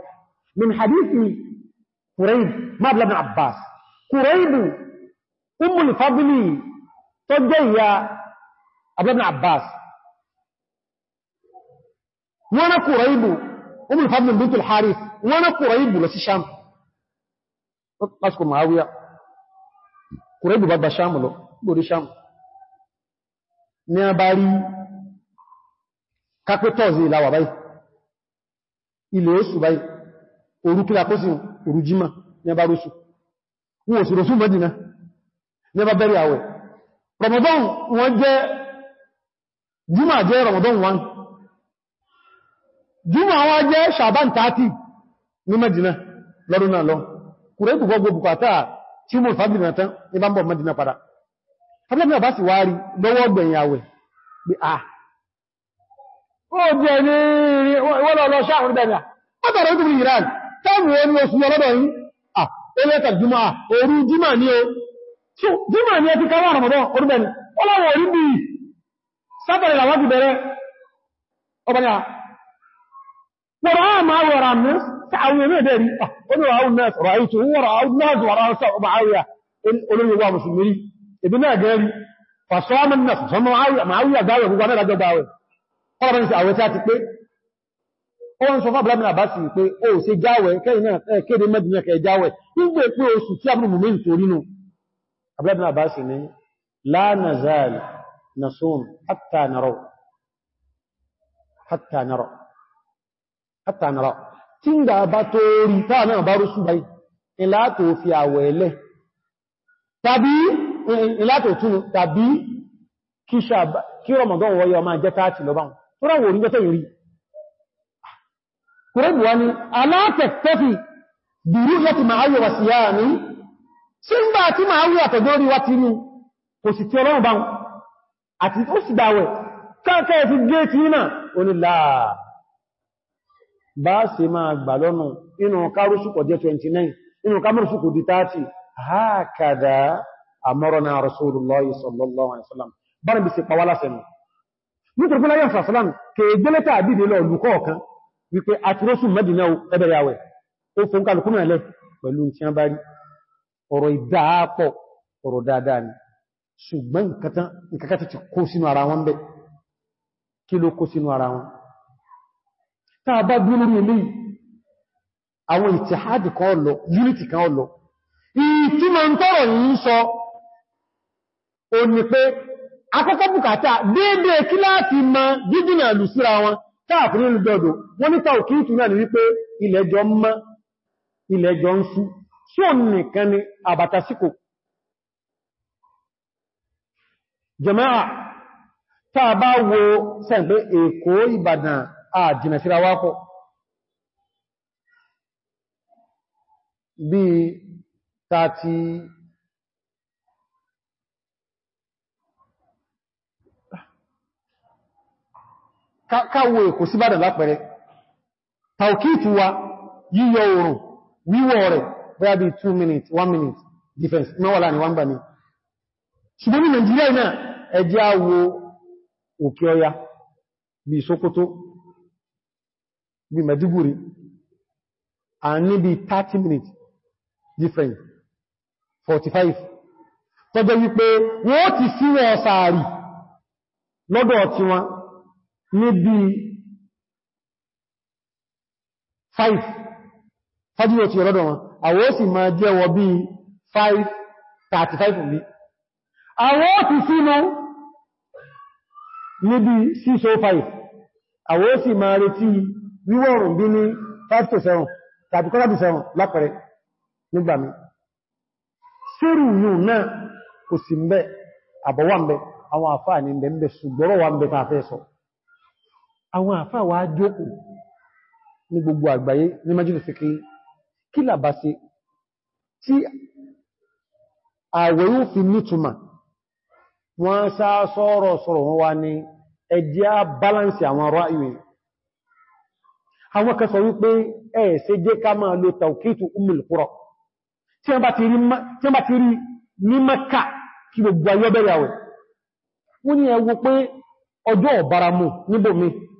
A: من حديث قريب ما بلا بن عباس قريب أم الفضل تجي أبلا بن عباس وانا قريب أم الفضل بنت الحارث وانا قريب لسي شام أذكر معاوية قريب بابا شام له بوري شام نيا باري كاكو توزي kápẹ́tọ́ọ̀zí ìlàwà ilẹ̀ oṣù báyìí òru kíra kó sí òru jímà ní ẹbá rọ́sù wọ́n òsù rọ́sù mọ́dínà ní ẹbá bẹ̀rẹ̀ àwẹ̀ Ramadan wọ́n jẹ́ jímà jẹ́ Ramadan 1 jímà wọ́n jẹ́ Ṣàbán 30 ní mọ́dínà lọ́dún náà lọ kùrẹ́ ìdùgbọ́ gbogbo tí mo fàbìnà tán ní bá ń bọ̀ mọ́dínà padà ó jẹ́ ní wọ́lọ́lọ́ ṣáàrùn dáadáa látàrí ìdúrú Iran táàmù ẹni oṣù ọlọ́dọ̀ yìí à ẹlẹ́ta jùmọ́ òru jímà ní o jímà ní ẹti káwọn ọmọdọ́ orúbẹni ọlọ́wọ̀ orí bí sátàrí làwájú bẹ̀rẹ̀ ọbàdà wọ̀rọ̀ máa wọ̀rọ̀ àmì sáàwọn ẹ̀mẹ́ dẹ̀rí olóòwò àwọn náà sọ̀rọ̀ àìtò wọ́rọ̀ àwọn náà wọ̀rọ̀ àwọn sọ̀rọ̀ àwòyà olóòwò àwọn mùsùlùmí ìbí náà gẹ́rí fàṣọ́ àmì náà sọ̀rọ̀ àwòyà gbáwẹ̀ gbogbo kọ́lọ̀bọ̀n sí àwẹ̀ tí a ti pé ó ń sọ fábùlá mìíràn bá sì pé ó ṣe jáwẹ̀ kẹ́yìn náà kéde mẹ́bìnà kẹ jáwẹ̀ nígbè pé oṣù tí àbúrù mùmí nítorí nù àbúlá mìíràn bá sì ní la nazal nasum hatta nara hatta nara hatta nara tí ń dàbá tó rí táà náà bá rúsù báyìí ìlàtò kí Ramadan wọ́yọ máa jẹ́ táàtì lọ báhùn tó ráwọ̀ orí gẹ́sẹ̀ ìrí kùrẹ́bù wani alátẹ̀tẹ́fì bìrú láti máa yọ wà sí yá ní sí ń bá tí máa yọ àtẹ̀gọ́rí wá ti ní kò sì tí ọlọ́run bá àti ó sì dáwẹ̀ káàkẹ́ fi gé tí náà onílà bá ṣe máa gbà lọ́nà inú kárùsùkọ̀ jẹ́ 29 inú kárùsùkọ̀ di 30 hákàdá amọ́rọ̀nà rasulullahi sallallahu alaihi wasallam bára bí nítorí pẹ́lá yànsà sàlám kèègbélẹ́ta àbídè lọ olùkọ́ ọ̀kan wípé àtúrósù mẹ́dìnà ẹbẹ̀rẹ̀ àwẹ̀ ó fún kálùkú náà lẹ́ pẹ̀lú tí a bá rí ọ̀rọ̀ ìdáàpọ̀ ọ̀rọ̀ dáadáa ni ṣùgbọ́n nǹkan ti kó sínú ara wọn bẹ́ kí ló kó sínú ara wọn tá a bá bí lórí ilé àwọn ìtìhádì kan ọlọ unity kan ọlọ ìtumọ̀ ń tọ́rọ̀ yìí sọ ó ní pé akọ́kọ́ bùkátà déédé kí láti mọ jíjìnà lù síra wọn káàkiri olùdọ́dọ̀ wọ́n nípa òkìtù náà ni wípé ilẹ̀jọ mọ́ ilẹ̀jọ ń sú sí òun nìkan ni àbàtàsíkò jẹmáà táà bá wo sẹ́ǹpẹ́ èkó ìbàdàn àjìnà síra wákọ̀ bí 30 káwọ èkó sí bàdàn lápẹẹrẹ tàùkìtù wa yíyọ oòrùn wíwọ̀ rẹ̀ bẹ́ẹ̀ bí 2 minutes 1 minute defense, mẹ́wàlá ni wọ́n gbà ní ṣùgbọ́n ní Nàìjíríà náà ẹjẹ́ àwọ òkè ọya bí Sókótó bí Mẹ́dígùrí a ní 30 minutes difference 45 tọ́jọ́ wípé wọ́n ti síwọ̀ sàárì lọ́dọ̀ tiwọn níbi 5 fájúwò tí ọlọ́dọ̀ wọn àwọ́ sì máa jẹ́wọ́ bí 5 35 ní àwọ́ ti sínú níbi 605 àwọ́ sì máa retí wíwọ̀ ọ̀rùn bí ní 5-7 tàbí kọ́lá 7 lápẹẹrẹ nígbàmí sírù yìí náà kò sí mbẹ́ àbọ̀wà mbẹ́ àwọn àfáà ní mbẹ̀ mbẹ̀ ṣùgbọ́rọ̀ wà mbẹ̀ tàfẹ́ sọ àwọn àfáà wá jókòó ní gbogbo àgbáyé ní májìlì sí kí kí làbá sí tí àwẹ̀ yóò fi nítùmà wọ́n sá sọ́rọ̀ sọ́rọ̀ wọn wá ní ẹjẹ́ bálánsì àwọn ọ̀rọ̀ ìwé àwọn kẹsọ wípé ẹ̀ ṣe jẹ́ ká máa lo tàùkítù umul qura tí wọ́n bá ti rí ní mẹ́kà ni ẹ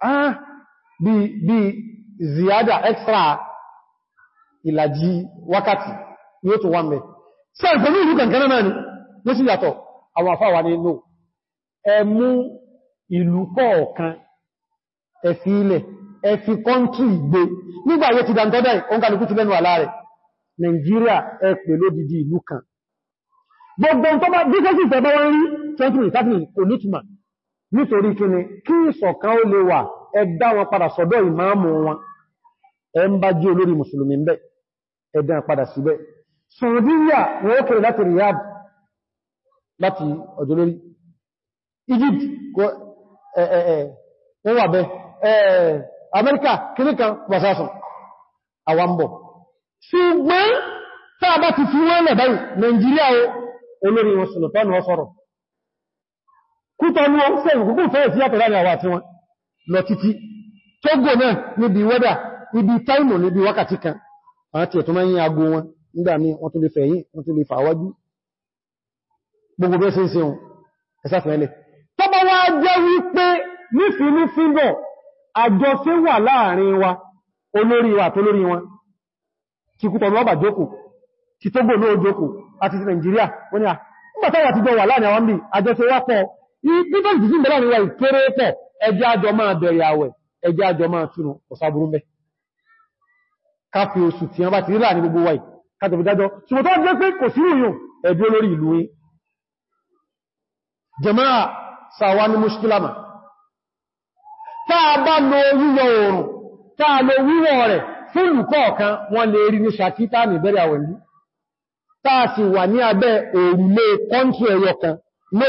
A: ah bí bí ziyada extra ìlàjì wákàtí yóò tó wà mẹ́ sẹ́ ìpẹ̀lú ìlú kankan náà ni ló sì yàtọ̀ àwọn àfáwà ní inú ẹmú ìlú kọ̀ọ̀kan ẹ̀fì ilẹ̀ ẹ̀fì kọ́ntì ìgbé nígbà yóò ti dántọ́dá ìkọ́nkàlùkù ti lẹ́nu àlá rẹ̀ Nàìjíríà ẹ pè lódìdí ìlú kan gbogbo tó bá bí sẹ́sì ìfẹ́ bá wọ́n rí 20 30 kò nítumà nítorí kíni kí ìṣọ̀kan ó lè wà ẹ dá wọn padà sọ́dọ̀ ìmáàmù wọn ẹ bá jí olórí mùsùlùmí ń bẹ ẹ dá padà síbẹ̀ wọ́n ó kèrè láti Riyadh láti ọjọ́ Egypt wọ́n wà Amẹ́ríkà kìníkan wàsásùn àwambọ̀ ṣùgbọ́n tàbá ti fi lẹ̀ báyìí Nàìjíríà kútọnú sẹ́yìn gúgú fẹ́ẹ̀ sí yàtọ̀ láàrin àwà àti wọn lọ títí Togo náà níbi wẹ́dà ibi táìmù níbi wákàtí kan àti ẹ̀tọ́ máa ń yí agbó wọn nígbà ní wọ́n tó lè fẹ̀yìn wọ́n tó lè fà wájú gbogbo bẹ́ẹ̀ sí ìsìn ẹ̀sàfẹ́lẹ̀ tó bá wá jẹ́ wípé nífìní fíbọ̀ ni à ń bàtàwà difference between bẹ̀rẹ̀ àríwá ìkéré pọ̀ ẹjẹ́ àjọ máa bẹ̀rẹ̀ àwẹ̀ ẹjẹ́ àjọ máa túnú ọ̀sàbùrú mẹ́ káfí oṣù tí wọ́n bá ti rílà ní gbogbo wáyìí kátàbí dájọ́ ṣùgbọ́n tó jẹ́ pé kò sí ìròyìn ẹ̀bí olórí ìlú yìí jẹmáà sàwà ní mùsùlùmá táa bá lo wíwọ̀ oòrùn táa lo wíwọ̀ rẹ̀ fún ìkọ̀ọ̀kan wọ́n lè rí ní ṣàkítà ní bẹ̀rẹ̀ àwẹ̀ ìlú sì wà ní abẹ́ òrùlé kọ́ntù ẹ̀yọkan no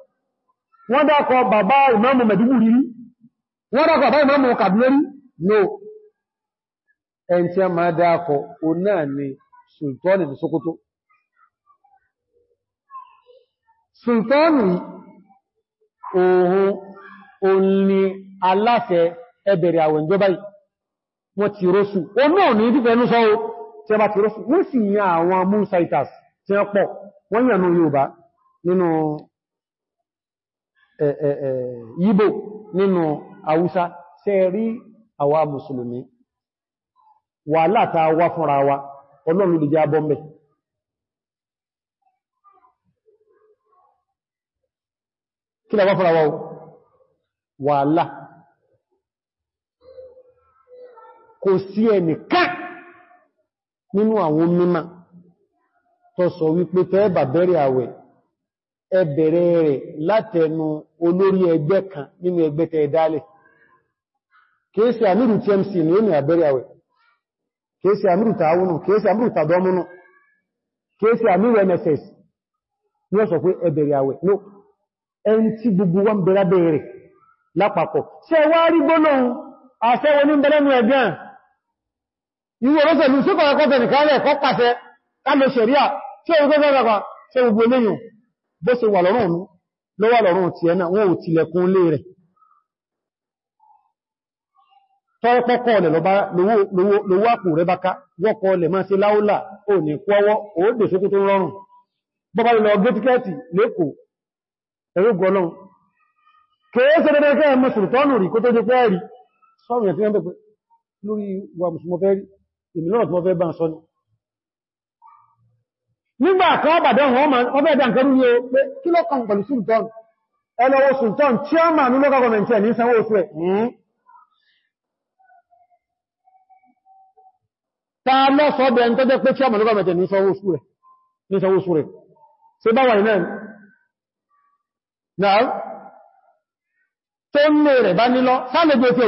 A: wọ́n dákọ̀ bàbá ìmáàmù mẹ̀dúgbùrí rí wọ́n dákọ̀ bàbá ìmáàmù kàdúnlẹ́rí no ẹn tí a máa dákọ̀ o náà ni sultani ti Sókótó sultani ohun òní aláṣẹ ẹbẹ̀rẹ̀ àwẹ̀ ìjọba wọ́n ti rọ́sù o náà ní ìdífẹ́ ẹnú sọ́wọ́ tí a bá ti rọ́sù wọ́n sì yàn àwọn amúnsaitas tí wọ́n pọ̀ wọ́n yàn yíbò nínú Haúsá ṣe rí àwa musulmi. wà látà wá fúnra wa ọlọ́run lè jẹ́ abọ́mẹ́ kí lọ wá fúnra wa wà lá kò sí ẹni ẹnìkan nínú àwọn mímá. tó sọ wípé tẹ́ bàbẹ́rẹ̀ àwẹ̀ ẹbẹ̀rẹ̀ rẹ̀ látẹnu olórí ẹgbẹ́ kan nínú ẹgbẹ́ tẹ dálẹ̀. kéèsì àmìrù tmc ní èmì àbẹ́rẹ̀ àwẹ̀ kéèsì àmìrù tààwùnù kéèsì àmìrù tàdọ́mùnù kéèsì àmìrù nss ní ọ̀sọ̀ pé ẹbẹ̀rẹ̀ àwẹ̀ ló ẹn tí gbogbo wọn bẹ̀rẹ̀ lápapọ̀ ṣe wá rí gbólóhùn àṣẹwọ ní bẹ̀rẹ̀nu ẹ̀gbẹ́ ìwò rọ́sẹ̀lú síkọ̀ọ́kọ́ tẹ̀nìkálẹ̀ kọ́ pàṣẹ kálọ̀ bó ṣe wà lọ́rùn ọ̀nú lọ́wà lọ́rùn ti ẹ̀nà wọ́n ò tilẹ̀kùn lé rẹ̀ tọ́rọpọ́kọ́ ọ̀lẹ̀ lówó àpò rẹ̀ báká wọ́kọ́ ọ̀lẹ̀ máa ṣe láúlà ò ní kọ́wọ́ ó dè sókú tó rọrùn bọ́bá lọ gbé tíkẹ́ẹ̀tì lẹ́kọ̀ọ́ ẹ̀rọgọ́ wa mùsùlùmọ́fẹ́ rí èmì lọ́rọ̀ nígbà kan ọbàdán wọn ma ọbẹ̀ ẹ̀dà nǹkan ní o pé kí ló kàn pẹ̀lú sultan ẹlọ́wọ́ sultan tí ó máa ní local government ẹ̀ ní sanwó oṣù ẹ̀ hmm? ta lọ sọ bẹ̀ ń tọ́jẹ́ pé tí ó máa local government ní sanwó oṣù rẹ̀ ní náà tó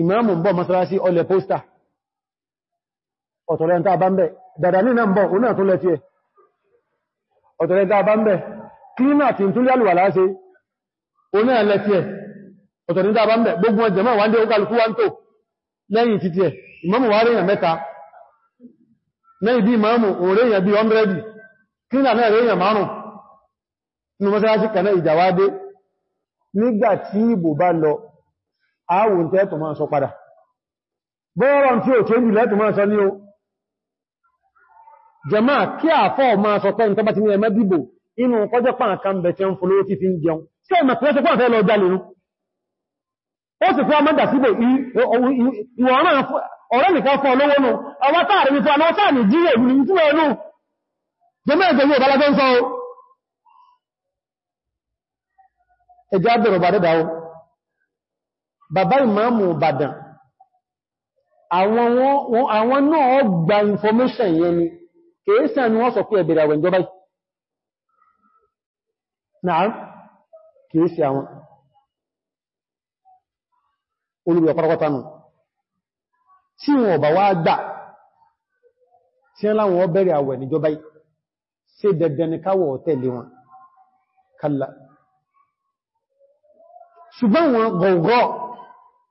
A: ìmáàmù ń masarasi masalasi ọlẹ̀ póstà ọ̀tọ̀lẹ́ntà bá ń bẹ̀ dàdà ní náà ń bọ̀ oní àtúnlẹ̀ tí ẹ ọ̀tọ̀lẹ́ntà bá ń bẹ̀ klínà tí ń tún lẹ́lùwà láṣe oní àlẹ́ tí ẹ ọ̀tọ̀lẹ́ntà bá ń bẹ̀ gbogbo ọjọ́mọ̀ wá ń dé ó kálukú wá ń tò àwò ń tẹ́ẹ̀tọ̀ máa sọ padà bọ́ọ̀rọ̀ tí ó tó ń jùlẹ̀ tó máa sọ ní o jẹma kí àfọ́ máa sọ pé nǹkan bá ti ní ẹmẹ́ bíbò inú kọjọ́ pàà kan bẹ̀ tí ó ń folówó ti fi ń jẹun sí ẹ̀mẹ̀ pẹ́ sọpọ̀ fẹ́ lọ jalè rú ó sì fẹ́ mẹ́dà síbò ọ̀rẹ́ nìkan fún bàbá ìmáàmù Ìbàdàn àwọn náà gba information yẹn ni kèèsàn ni wọ́n sọ pé ẹ̀bẹ̀rẹ̀ àwẹ̀ ìjọba náà kèèsì àwọn olùgbé ọ̀pọ̀lọpọ̀ta nù tí wọn ọ̀bà wá gbà tí wọ́n láwọn ọbẹ̀rẹ̀ àwẹ̀ níjọba ṣe káwọ̀ tẹ̀lé wọn kalla ṣùgbọ́n wọn gọ̀ọ̀gọ̀ọ̀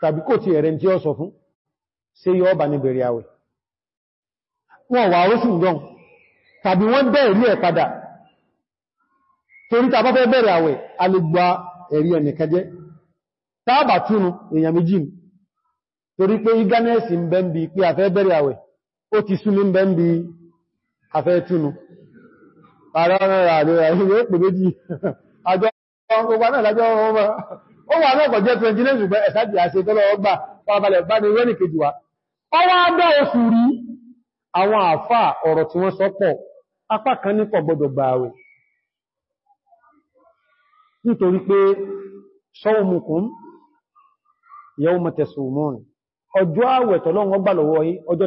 A: tàbí kò ti ẹ̀rẹ̀ tí ó sọ fún ṣe yọ ọba ní bẹ̀rẹ̀ àwẹ̀ wọn wà oróṣù ìjọun tàbí wọ́n bẹ̀ rí ẹ̀ padà torí tàbá fẹ́ bẹ̀rẹ̀ àwẹ̀ a lè gba ẹ̀rí ẹnìkan jẹ́ tàbà èèyàn méjì torí pé igánẹ́sì ó wà náà kọjẹ́ 29 ṣùgbẹ́ ẹ̀sàjì àṣẹ tọ́lọ ọgbà pàbàlẹ̀ bá ní rẹ́nì kejì wá ọwọ́ adá oṣù rí àwọn àfà ọ̀rọ̀ tí wọ́n sọ pọ̀ apá kan nípọ̀ gbọdọ̀ gbààwẹ̀ nítorí pé sawmukum yawma tasumun ọjọ́ àwẹ̀ tọ́lọ́run gbà lọ́wọ́ yín ọjọ́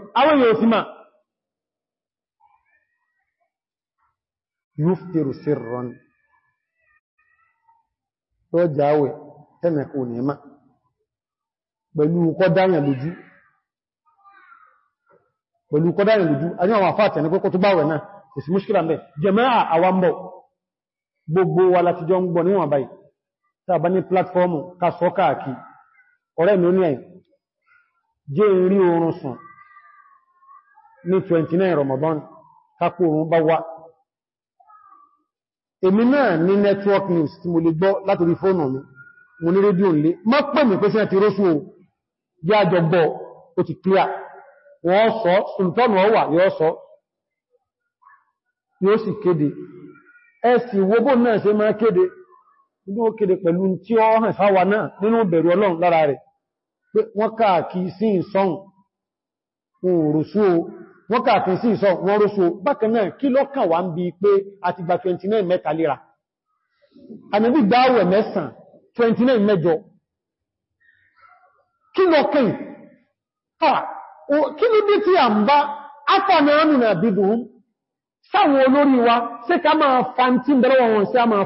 A: àwọn èèyàn sí máa yúfèrò sí rán rọ́jà àwẹ̀ tẹ́mẹ̀kù ní ẹmá pẹ̀lú kọ́dáyàn lójú pẹ̀lú kọ́dáyàn lójú a ní àwọn àfáàtì ẹni pẹ́kọ́ tó báwẹ̀ náà kò sí múṣkílà mẹ́ jẹmẹ́à àwambọ̀ gbogbo wa láti jọ ń gbọ́ níwọ̀n báyìí tàbá ní platform ká sọ káàkiri ọ̀rẹ́ mi ó ní ẹ̀yìn jẹ́ ìrí oorun sùn ní 29 Ramadan kápò òun bá wá èmi náà ní network news tí mo lè gbọ́ látorí fóònù mi mo ní rédíò nlé má pẹ́ mi pé sí àti rósù o jẹ́ àjọgbọ́ ó ti clear wọ́n sọ sultan ọwà yóò sọ yóò sì kéde ẹ̀sì wóbó náà ṣe máa kéde inú ó kéde pẹ̀lú tí ó hàn sáwà náà nínú bẹ̀rù ọlọ́run lára rẹ̀ pé wọ́n káàkì sí ìsọ́n òòrùsú o wọ́n káàkiri sí ìsọ wọ́n rọ́sọ bákanáà kí lọ́kàn wà ń bí pé àti gba 29 mẹ́ta lera ànábì gbáwẹ̀ mẹ́sàn 29 mẹ́jọ kí lọ́kàn kí ní bí tí a ń bá afọ́nàánù nà bídùn sáwọn olórí wa sí ká máa fa tí bẹ̀rẹ̀ wọn sí a máa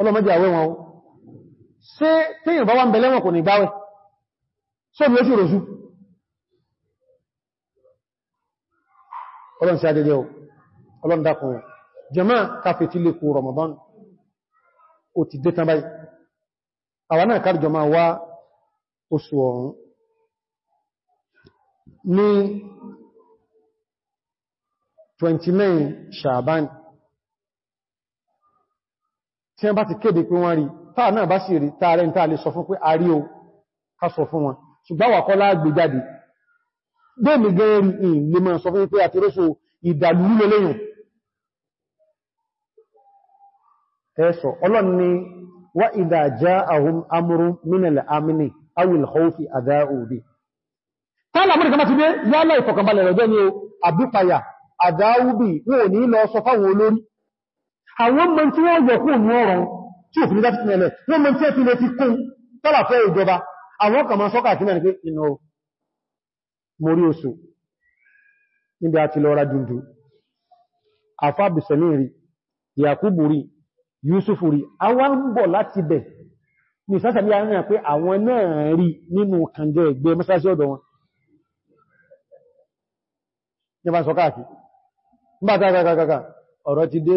A: ọlọ́mọdé àwẹ́ wọn ó ṣe tí yìnbá wà ń bẹ lẹ́wọ̀n kò ní gbáwẹ̀ sóbi ó sì rọ̀sù ọlọ́n sí adẹ́dẹ́ o ọlọ́n dákun jẹmọ́ káfẹ́ tí lè kú Ramadan ó ti dé tán báyìí àwa náà kárí jọmọ́ wá oṣù ọ̀run ní 29 Ṣàbáni tí wọ́n bá ti kéde pé wọ́n rí táà náà bá sì rí tààrẹ ń tàà lè sọ fún pé a rí o ká sọ fún wọn ṣùgbọ́n wà kọ́ láàgbé jáde bẹ́ẹ̀mì gẹ́rì ìyìn lè máa sọ fún pé àti rẹ́sọ ìdàlúrú lẹ́yìn ẹ̀ẹ́sọ̀ ọlọ́run ni àwọn mọ̀ tí wọ́n yọ kó ní ọ̀rọ̀ tí òfin dá títí ẹlẹ̀ wọ́n mọ̀ tí ẹ fi lè ti kún tọ́làfẹ́ ìjọba àwọn kàmà sọ́kà tí mẹ́rin pé iná morí oṣù níbi àti lọ́ra dùndù afábùsẹ̀mìrì yakuburi yusufuri àwọn ń bọ̀ láti bẹ̀ ní sásàbí àárín pé àwọn náà ọ̀rọ̀ ti dé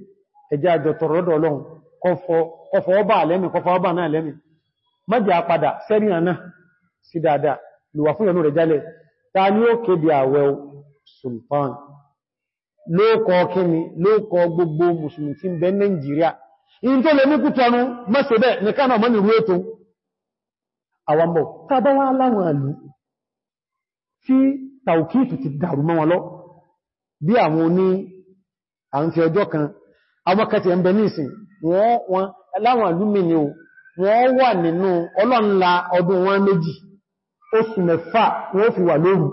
A: ẹjẹ́ àjọ tọrọ ọlọ́run kọfọ ọba alẹ́mì kọfọ ọba náà lẹ́mì mọ́jẹ́ àpadà sẹ́rìn àná sí dáadáa lùwà fún ìyànú rẹ̀ jálẹ̀ ta ni ó kéde àwẹ̀ sultan lóòkọ́ kíni lóòkọ́ gbogbo musulmi tí ń bẹ Nàìjíríà in tó lè kan àwọn kẹtì ẹ̀mbẹ̀ ní ìsìn wọ́n láwọn alúmìnì o wọ́n wà nínú ọlọ́nla ọdún wọn méjì oṣù mẹ́fà wọ́n fi wà lóru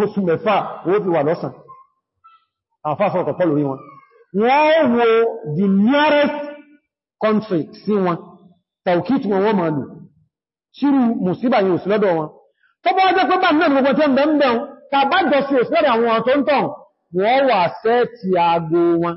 A: oṣù mẹ́fà wọ́n fi wà lọ́sàn àfáfà ọ̀tọ̀pọ̀ lórí wọn wọ́n wo the nearest country sí wọn tàùkítù wọn wọ́n máa lò ṣírù mùsíbà yìí òsìlọ́dọ̀ wọn tó bọ́ jẹ́ pé bá náà gbogbo tẹ́ mẹ́mẹ́ tàbájọ́ sí òsìlọ́dọ̀ àwọn ọ̀tọ́ntọ̀ wọ́n wà sẹ́ẹ̀tì àgbò wọn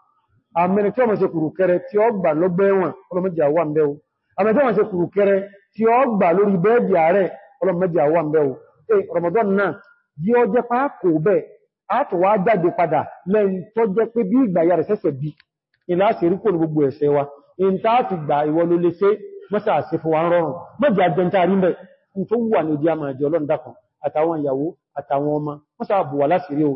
A: àmẹ́ni tí ó mọ̀ ṣe kùrùkẹrẹ tí ó gbà lọ́gbẹ́ ẹ̀wọ̀n ọlọ́mọdé àwọn àmbẹ́wò àmẹ́ni tí ó mọ̀ ṣe kùrùkẹrẹ tí ó gbà lórí bẹ́ẹ̀dì ààrẹ ọlọ́mọdé àwọn àmbẹ́wò Ramadan náà yí ọ jẹ́ páàkò bẹ́ẹ̀ àtọ̀wà jáde padà lẹ́yìn tó jẹ́ pé bí ìgbà yà rẹ̀ sẹ́sẹ̀ bí ìlà àṣírí wa in tá ti gbà ìwọ ló lè ṣe mọ́sà àṣẹ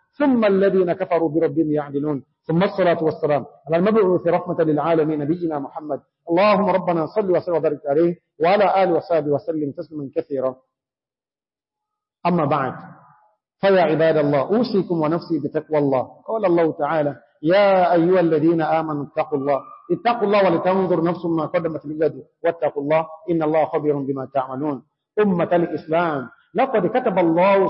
A: ثم الذين كفروا بربهم يعدلون ثم الصلاة والسلام على المبعوث رحمة للعالمين نبينا محمد اللهم ربنا صل وسلم وبارك عليه وعلى آله وصحبه وسلم تسلما كثيرا أما بعد فيا عباد الله أوصيكم ونفسي بتقوى الله قال الله تعالى يا أيها الذين آمنوا اتقوا الله اتقوا الله ولتنظر نفس ما قدمت للذي واتقوا الله إن الله خبير بما تعملون أمة الإسلام لقد كتب الله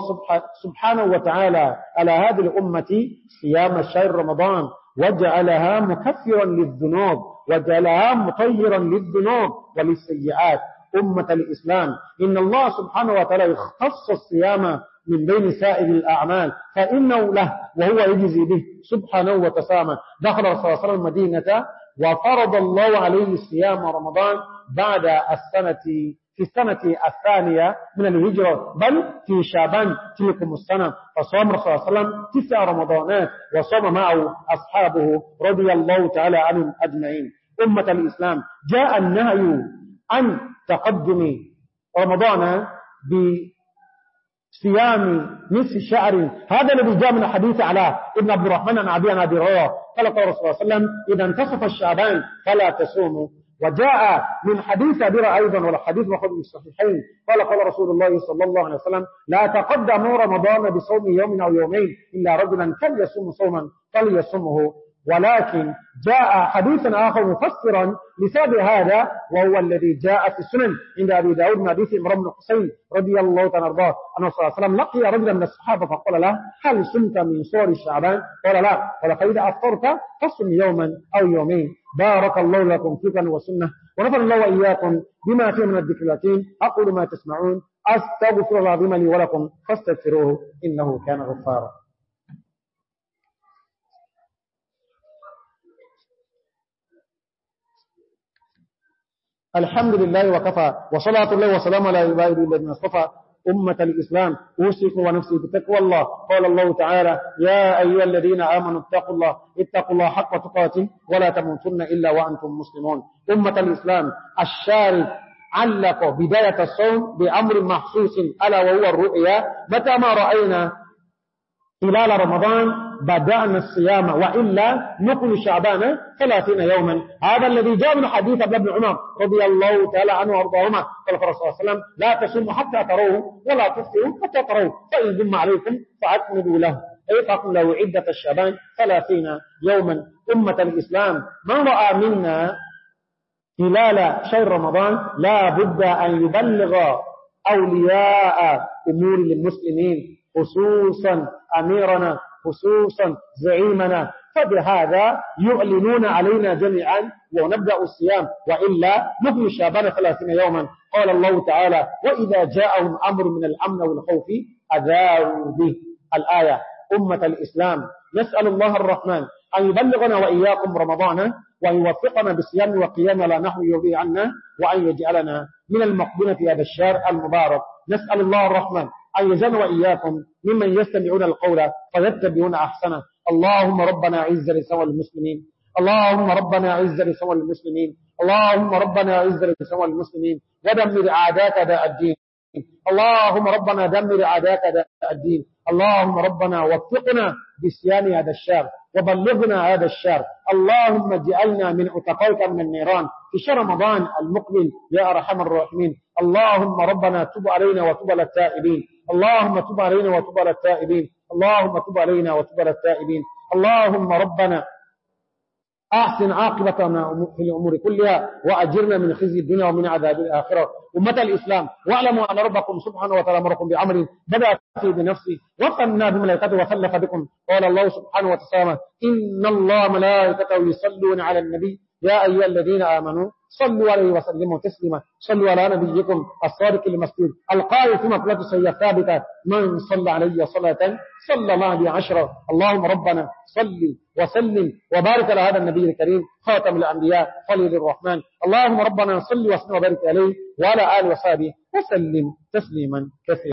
A: سبحانه وتعالى على هذه الأمة صيام شهر رمضان وجعلها مكفرا للذنوب وجعلها مطيرا للذنوب وللسيئات أمة الإسلام إن الله سبحانه وتعالى اختص الصيام من بين سائر الأعمال فإنه له وهو يجزي به سبحانه وتسامى دخل صلى الله عليه وسلم المدينة وفرض الله عليه الصيام رمضان بعد السنة في السنة الثانية من الهجرة بل في شابان تلكم السنة فصام رسول الله صلى الله عليه وسلم تسع رمضانات وصام معه أصحابه رضي الله تعالى عنهم أجمعين أمة الإسلام جاء النهي عن تقدم رمضان بصيام نصف شعر هذا الذي جاء من حديث على ابن عبد الرحمن عن أبي عن أبي قال قال رسول الله صلى الله عليه وسلم إذا انتصف الشعبان فلا تصوموا وجاء من حديث أبيرة أيضا والحديث حديث من الصحيحين قال قال رسول الله صلى الله عليه وسلم لا تقدموا رمضان بصوم يوم أو يومين إلا رجلا كان يصوم صوما فليصمه ولكن جاء حديث آخر مفسرا لسبب هذا وهو الذي جاء في السنن عند أبي داود من حديث إمرأة بن حسين رضي الله تعالى عنه أنه صلى الله عليه وسلم لقي رجلا من الصحابة فقال له هل سمت من صور شعبان قال لا قال فإذا أفطرت فصم يوما أو يومين بارك الله لكم فيك وسنة ونفر الله وإياكم بما فيه من الذكر أقول ما تسمعون أستغفر الله عظيما لي ولكم فاستغفروه إنه كان غفارا الحمد لله وكفى وصلاة الله وسلام على عباده الذين اصطفى أمة الإسلام أوصيك ونفسي بتقوى الله قال الله تعالى يا أيها الذين آمنوا اتقوا الله اتقوا الله حق تقاته ولا تموتن إلا وأنتم مسلمون أمة الإسلام الشارع علق بداية الصوم بأمر محسوس ألا وهو الرؤيا متى ما رأينا خلال رمضان بدأنا الصيام وإلا نقل شعبان ثلاثين يوما هذا الذي جاء من حديث ابن عمر رضي الله تعالى عنه وارضاهما قال صلى الله عليه وسلم لا تصوموا حتى تروه ولا تفطروا حتى تروه فإن ذم عليكم فأكملوا له إيقاكم له عدة الشعبان ثلاثين يوما أمة الإسلام من رأى منا خلال شهر رمضان لا بد أن يبلغ أولياء أمور المسلمين خصوصا أميرنا خصوصا زعيمنا فبهذا يعلنون علينا جميعا ونبدأ الصيام وإلا نبني شابان ثلاثين يوما قال الله تعالى وإذا جاءهم أمر من الأمن والخوف أذاعوا به الآية أمة الإسلام نسأل الله الرحمن أن يبلغنا وإياكم رمضان ويوفقنا بالصيام والقيام لا نحو يرضي عنا وأن يجعلنا من المقبولة في هذا الشهر المبارك نسأل الله الرحمن أن يجعلنا وإياكم ممن يستمعون القول فيتبعون أحسنه اللهم ربنا عز لسوى المسلمين اللهم ربنا عز لسوى المسلمين اللهم ربنا عز لسوى المسلمين ودمر عاداك داء الدين اللهم ربنا دمر عاداك داء الدين اللهم ربنا وفقنا بسيان هذا الشهر وبلغنا هذا الشهر اللهم اجعلنا من أتقوك من النيران في شهر رمضان المقبل يا أرحم الراحمين اللهم ربنا تب علينا وتب للتائبين اللهم تب علينا وتب على التائبين اللهم تب علينا وتب على التائبين اللهم ربنا أحسن عاقبتنا في الأمور كلها وأجرنا من خزي الدنيا ومن عذاب الآخرة أمة الإسلام واعلموا أن ربكم سبحانه وتعالى أمركم بعمل بدأ في بنفسه وقمنا بملائكته وخلف بكم قال الله سبحانه وتعالى إن الله ملائكته يصلون على النبي يا أيها الذين آمنوا صلوا عليه وسلموا تسلما صلوا على نبيكم الصادق المسجد القائل في مقلة سيئة ثابتة من صلى علي صلاة صلى الله عليه عشرة اللهم ربنا صلي وسلم وبارك على هذا النبي الكريم خاتم الأنبياء خليل الرحمن اللهم ربنا صلي وسلم وبارك عليه وعلى آله وصحبه وسلم تسليما كثيرا